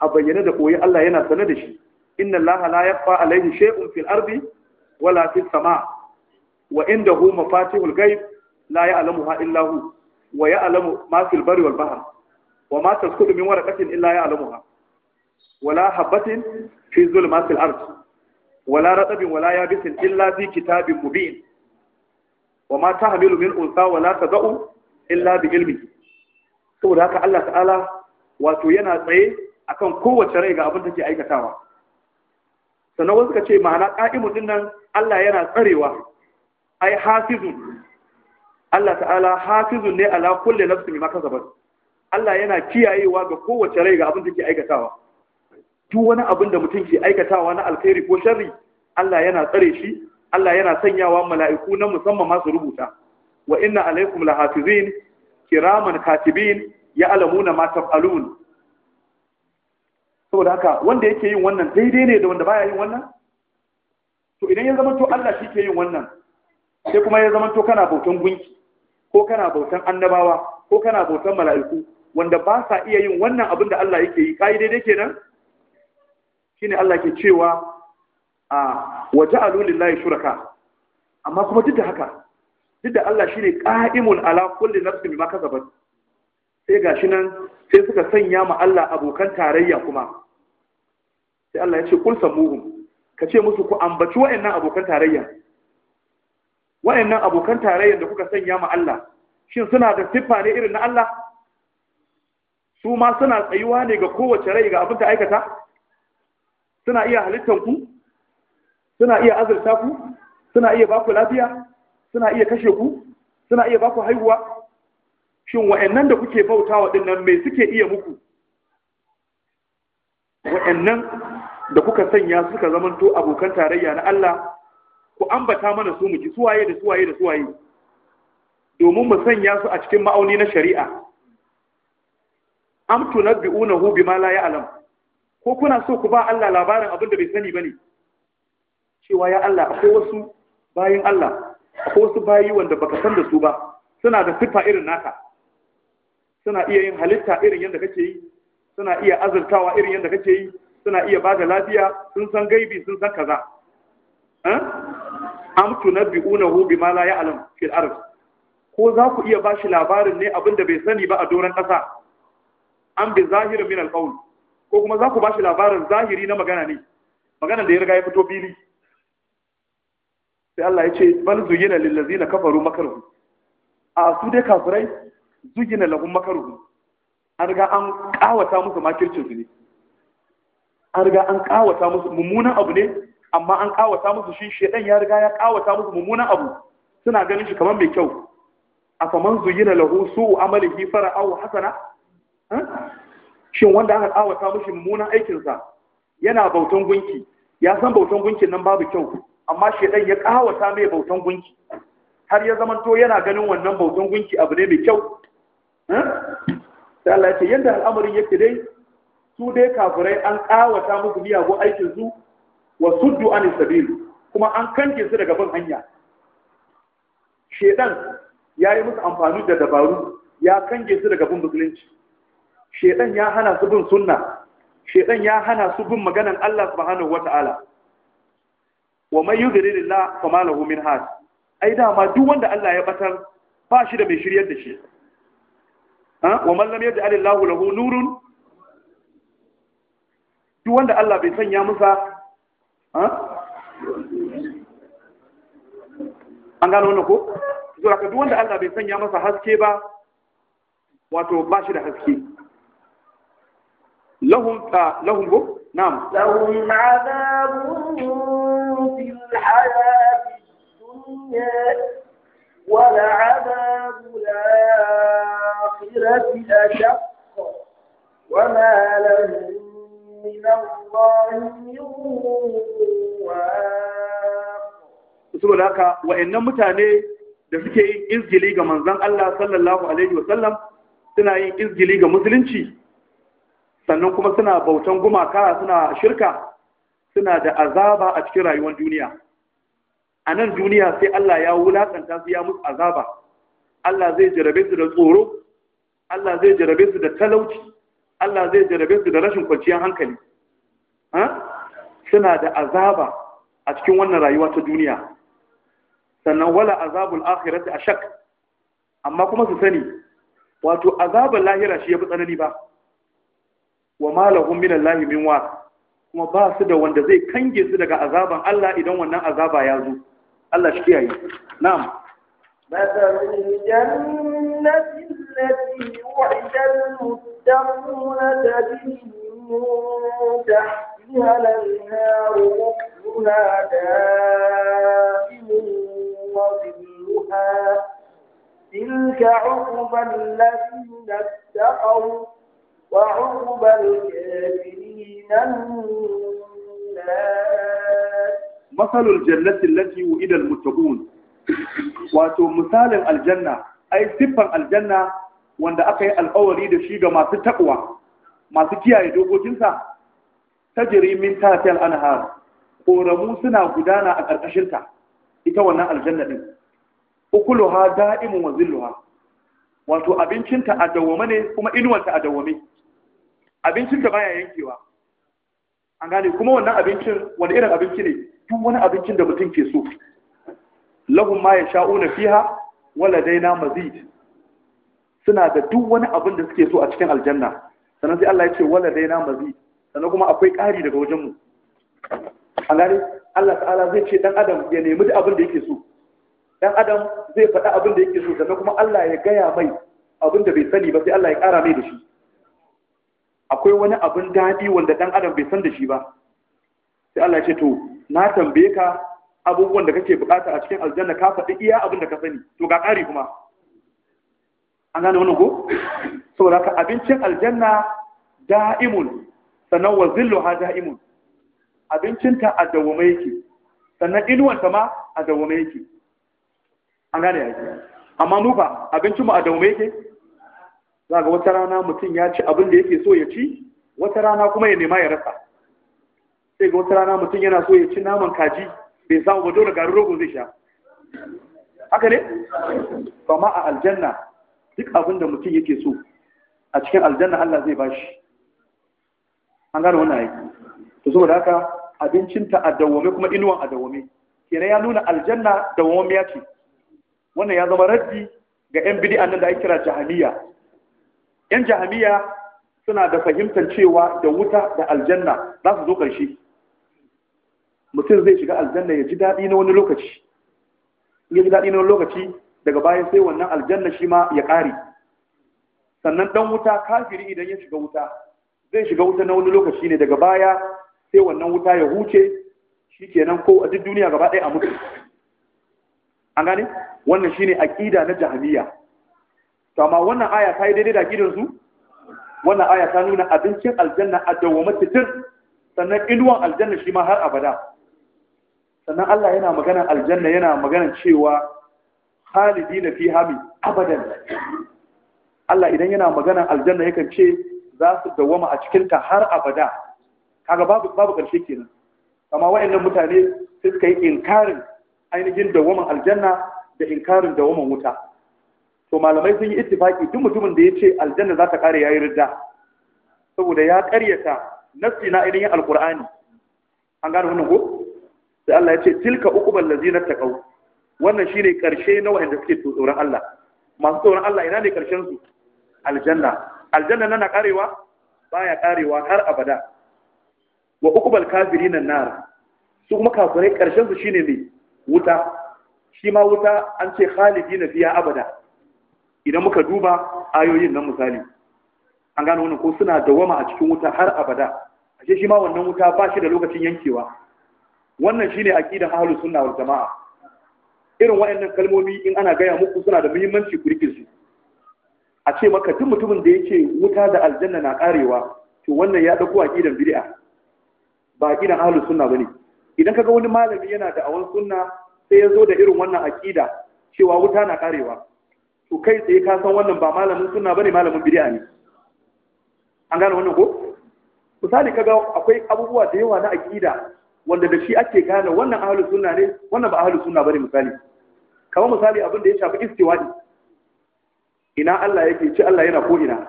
A: a bayyane da ɓoye, Allah yana sane da shi inna laha la yaqfa alayhi shay'un fil ardi wala fis sama wa indahu mafatihul ghaib la ya'lamuha illa hu wa ya'lamu ma fil barri wal bahri wa ma tasqutu min waraqatin illa ya'lamuha wala habatin fi zulmatil ard wala ratabin wala yabisin illa fi kitabin mubin wa ma tahmilu min unsa wala tad'u illa saboda haka Allah ta'ala wato yana tsaye akan kowace rai ga abin da ke aikatawa sannan wasu ka ce ma'ana ƙa'imun din nan Allah yana tsarewa ai hafizun Allah ta'ala hafizun ne ala kulli nafsin bima kasabat Allah yana kiyayewa ga kowace rai ga abin da ke aikatawa Tu wani abin da mutum ke aikatawa na alkhairi ko sharri Allah yana tsare shi Allah yana sanyawa mala'iku na musamman masu rubuta wa inna alaikum hafizin, kiraman katibin ya'lamuna na matafalun. saboda haka wanda yake yin wannan daidai ne da wanda baya yin wannan to idan ya zama to Allah shi ke yin wannan sai kuma ya zama to kana bautan gunki ko kana bautan annabawa ko kana bautan mala'iku wanda ba sa iya yin wannan abin da Allah yake yi kai daidai kenan shine Allah ke cewa a waja'alu lillahi shuraka amma kuma duk da haka duk da Allah shine qa'imun ala kulli nafsin bima kasabat sai gashi nan sai suka sanya ma Allah abokan tarayya kuma sai Allah ya ce kul samuhum ka ce musu ku ambaci wayannan abokan tarayya wayannan abokan tarayya da kuka sanya ma Allah shin suna da siffa ne irin na Allah su ma suna tsayuwa ne ga kowace rai ga abin da aikata suna iya halittar ku suna iya azurta ku suna iya baku lafiya suna iya kashe ku suna iya baku haihuwa shin wa'annan da kuke bautawa dinnan mai suke iya muku wa'annan da kuka sanya suka zamanto abokan tarayya na Allah ku ambata mana su mu ji suwaye da suwaye da suwaye domin mu sanya su a cikin ma'auni na shari'a am tunabbi'unahu bima la ya'lam ko kuna so ku ba Allah labarin abin da bai sani bane cewa ya Allah akwai wasu bayin Allah akwai wasu bayi wanda baka san da su ba suna da sifa irin naka suna iya yin halitta irin yadda kake yi suna iya azurtawa irin yadda kake yi suna iya bada lafiya sun san gaibi sun san kaza am tunabbi'unahu bima la ya'lam fil ardh ko za ku iya ba shi labarin ne abin da bai sani ba a doron ƙasa an bi zahirin min alqaul ko kuma za ku ba shi labarin zahiri na magana ne magana da ya riga ya fito bili? sai Allah ya ce bal zuyina lil ladzina kafaru makaruhu a su dai kafirai zuyina lahum makaruhu an riga an kawata musu makircin su ne an riga an kawata musu mummunan abu ne amma an kawata musu shi shedan ya riga ya kawata musu mummunan abu suna ganin shi kamar mai kyau a faman zuyina lahu su'u amalihi fara'ahu hasana shin wanda aka kawata mishi mummunan aikinsa yana bautan gunki ya san bautan gunkin nan babu kyau amma shedan ya kawata mai bautan gunki har ya to yana ganin wannan bautan gunki abu ne mai kyau Allah ya ce yanda al'amarin yake dai su dai kafirai an kawata musu miyagun aikin su wa suddu an sabil kuma an kanke su daga bin hanya shedan ya yi musu amfani da dabaru ya kange su daga bin musulunci shedan ya hana su bin sunna shedan ya hana su bin maganan Allah subhanahu wata'ala wa man yudlilillah fama lahu min had ai dama duk wanda Allah ya batar ba shi da mai shiryar da shi wa man lam yaj'al Allahu lahu nurun duk wanda Allah bai sanya masa an gano wannan ko zuwa ka duk wanda Allah bai sanya masa haske ba wato ba shi da haske لهم لهم go na'am lahum
B: adabun fil hayati dunya wal adabul akhirati ashaq wa ma lahum
A: saboda haka wa'annan mutane da suke yin izgili ga manzon Allah sallallahu alaihi wa sallam suna yin izgili ga musulunci sannan kuma suna bautan gumaka suna shirka suna da azaba a cikin rayuwar duniya a nan duniya sai Allah ya wulaƙanta su ya musu azaba Allah zai jarabe su da tsoro Allah zai jarabe su da talauci Allah zai jarabe su da rashin kwanciyar hankali suna da azaba a cikin wannan rayuwa ta duniya sannan wala azabul akhirati ashak amma kuma su sani wato azabul lahira shi ya yafi tsanani ba wa malahum min Allah min wa kuma ba su da wanda zai kange su daga azaban Allah idan wannan azaba ya zo Allah shi kiyaye na'am
B: مثل الجنة التي وعد المتقون تجري من تحتها الأنهار أكلها دائم وظلها تلك عقبى الذين اتقوا وعقب الكافرين
A: مثل الجنة التي وعد المتقون wato misalin aljanna ai siffar aljanna wanda aka yi alkawari da shi ga masu takwa masu kiyaye dokokinsa ta jirimin tatil anhar koramu suna gudana a ƙarƙashinta ita wannan aljanna ɗin ukuluha da'imun wa zilluha wato abincinta a dawwame ne kuma inuwanta a dawwame abincin da baya yankewa an gane kuma wannan abincin wani irin abinci ne duk wani abincin da mutum ke so lahum ma yasha'una fiha wala daina mazid suna da duk wani abin da suke so a cikin aljanna sannan sai Allah ya ce wala daina mazid sannan kuma akwai ƙari daga wajen mu an gane Allah ta'ala zai ce dan adam ya nemi duk abin da yake so dan adam zai faɗa abin da yake so sannan kuma Allah ya gaya mai abin da bai sani ba sai Allah ya ƙara mai da shi akwai wani abin daɗi wanda ɗan adam bai san da shi ba sai Allah ya ce to na tambaye ka abubuwan da kake bukata a cikin aljanna ka faɗi iya abin da ka sani to ga ƙari kuma an gane wani ko saboda ka abincin aljanna da'imun sannan wa ha da'imun abincinta a dawwame yake sannan inuwan ta ma a dawwame yake an gane yake amma mu fa abincin mu a dawwame yake za ga wata rana mutum ya ci abin da yake so ya ci wata rana kuma ya nema ya rasa sai ga wata rana mutum yana so ya ci naman kaji bai samu ba dole garin rogo zai sha haka ne ba ma a aljanna duk abin da mutum yake so a cikin aljanna Allah zai bashi an gano wannan aiki to saboda haka abincinta a dawwame kuma inuwan a dawwame kenan ya nuna aljanna dawwamiya ce wannan ya zama raddi ga yan bid'a nan da ake kira jahiliya yan jahamiya suna da fahimtar cewa da wuta da aljanna za su zo ƙarshe mutum zai shiga aljanna ya ji daɗi na wani lokaci ya ji daɗi na wani lokaci daga baya sai wannan aljanna shi ma ya ƙare sannan ɗan wuta kafiri idan ya shiga wuta zai shiga wuta na wani lokaci ne daga baya sai wannan wuta ya huce shi kenan ko a duk duniya gaba ɗaya a mutu an gane wannan shine aƙida na jahamiya to amma wannan aya ta yi daidai da gidan su wannan aya ta nuna abincin aljanna a dawwama titir sannan inuwan aljanna shi ma har abada sannan Allah yana magana aljanna yana magana cewa halidi na fi hami abadan Allah idan yana magana aljanna yakan ce za su dawwama a cikin ka har abada kaga babu babu karshe kenan amma wayannan mutane sai suka yi inkarin ainihin dawwaman aljanna da inkarin dawwaman wuta to malamai sun yi ittifaki duk mutumin da ya ce aljanna za ta kare yayin ridda saboda ya karyata nafsi na ainihin alqur'ani an gane wannan ko sai Allah ya ce tilka uqbal ladina taqaw wannan shine karshe na wanda suke tsoron Allah masu tsoron Allah ina ne karshen su aljanna aljanna nan na karewa baya karewa har abada wa uqbal kafirin nar su kuma kafirai karshen su shine ne wuta shi ma wuta an ce khalidina fiya abada idan muka duba ayoyin nan misali an gano wannan ko suna dawama a cikin wuta har abada ashe shi ma wannan wuta ba shi da lokacin yankewa wannan shine aqidan ahlus sunna wal jamaa irin wayannan kalmomi in ana gaya muku suna da muhimmanci ku rike su a ce maka duk mutumin da yake wuta da aljanna na karewa to wannan ya dauko aqidan bid'a ba aqidan ahlus sunna bane idan kaga wani malami yana da awan sunna sai ya zo da irin wannan aqida cewa wuta na karewa to kai tsaye ka san wannan ba malamin ba bane malamin bid'a ne an gane wannan ko misali kaga akwai abubuwa da yawa na akida wanda da shi ake gane wannan ahlus sunna ne wannan ba suna sunna bane misali kamar misali abin da ya shafi ne. ina Allah yake ci Allah yana ko ina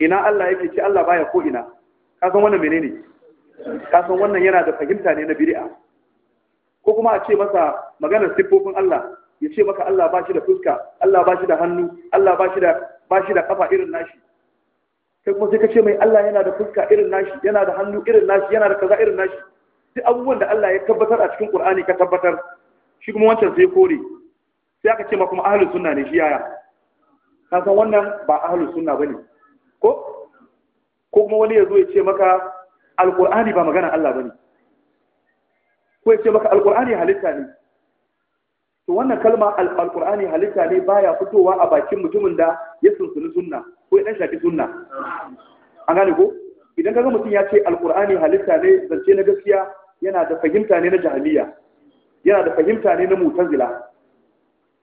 A: ina Allah yake ci Allah baya ko ina ka san wannan menene ka san wannan yana da fahimta ne na bid'a ko kuma a ce masa maganar siffofin Allah ya ce maka Allah ba shi da fuska Allah ba shi da hannu Allah ba shi da ba shi da kafa irin nashi Sai kuma sai ka ce mai Allah yana da fuska irin nashi yana da hannu irin nashi yana da kaza irin nashi duk abubuwan da Allah ya tabbatar a cikin Qur'ani ka tabbatar shi kuma wancan sai kore sai aka ce ma kuma ahlus sunna ne shi yaya ka san wannan ba ahlus sunna bane ko ko kuma wani ya zo ya ce maka alqur'ani ba magana Allah bane ko ya ce maka alqur'ani halitta ne to wannan kalma alqur'ani halitta ne baya fitowa a bakin mutumin da ya sunsuni sunna ko ya dan shafi sunna an gane ko idan kaga mutum ya ce alqur'ani halitta ne zance na gaskiya yana da fahimta ne na jahiliya yana da fahimta ne na mutazila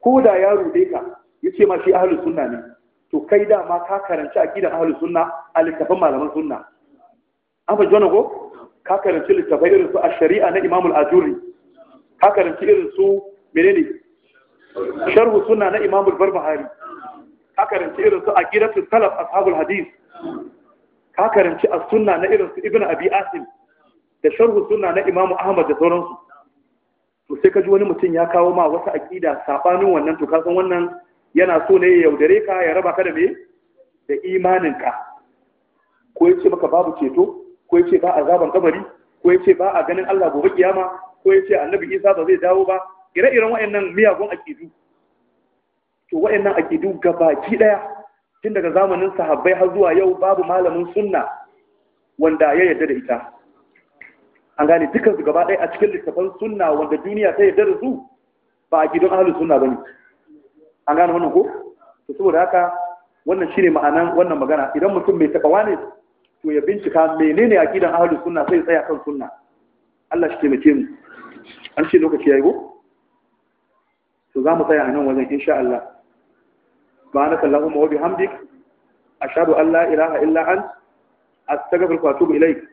A: ko da ya rude ka ya ce ma shi ahlus sunna ne to kai da ma ka karanci aqidar ahlus sunna a littafin malaman sunna an fa jona ko ka karanci littafai irin su a sharia na imamul ajuri ka karanci irin su menene sharhu sunna na Imam al-Barbahari ka karanci irin su aqidatu salaf ashabul hadith ka karanci as-sunna na irin su Ibn Abi Asim da sharhu sunna na Imam Ahmad da sauransu to sai ka ji wani mutum ya kawo ma wata aqida sabanin wannan to kasan wannan yana so ne ya yaudare ka ya raba ka da me da imaninka ko ya maka babu ceto ko ya ba azaban kabari ko yace ba a ganin Allah gobe kiyama ko yace annabi Isa ba zai dawo ba ire-iren wayannan miyagun akidu to wayannan akidu gabaki daya tun daga zamanin sahabbai har zuwa yau babu malamin sunna wanda ya yarda da ita an gane dukkan su gaba daya a cikin littafan sunna wanda duniya ta yarda da su ba akidun ahlus sunna bane an gane wannan ko to saboda haka wannan shine ma'anan wannan magana idan mutum mai takawa ne to ya bincika menene akidan ahlus sunna sai ya tsaya kan sunna Allah shi taimake mu an ce lokaci yayi go سوزام متى إن شاء الله سبحانك أن لا إله إلا أنت أستغفر وأتوب إليك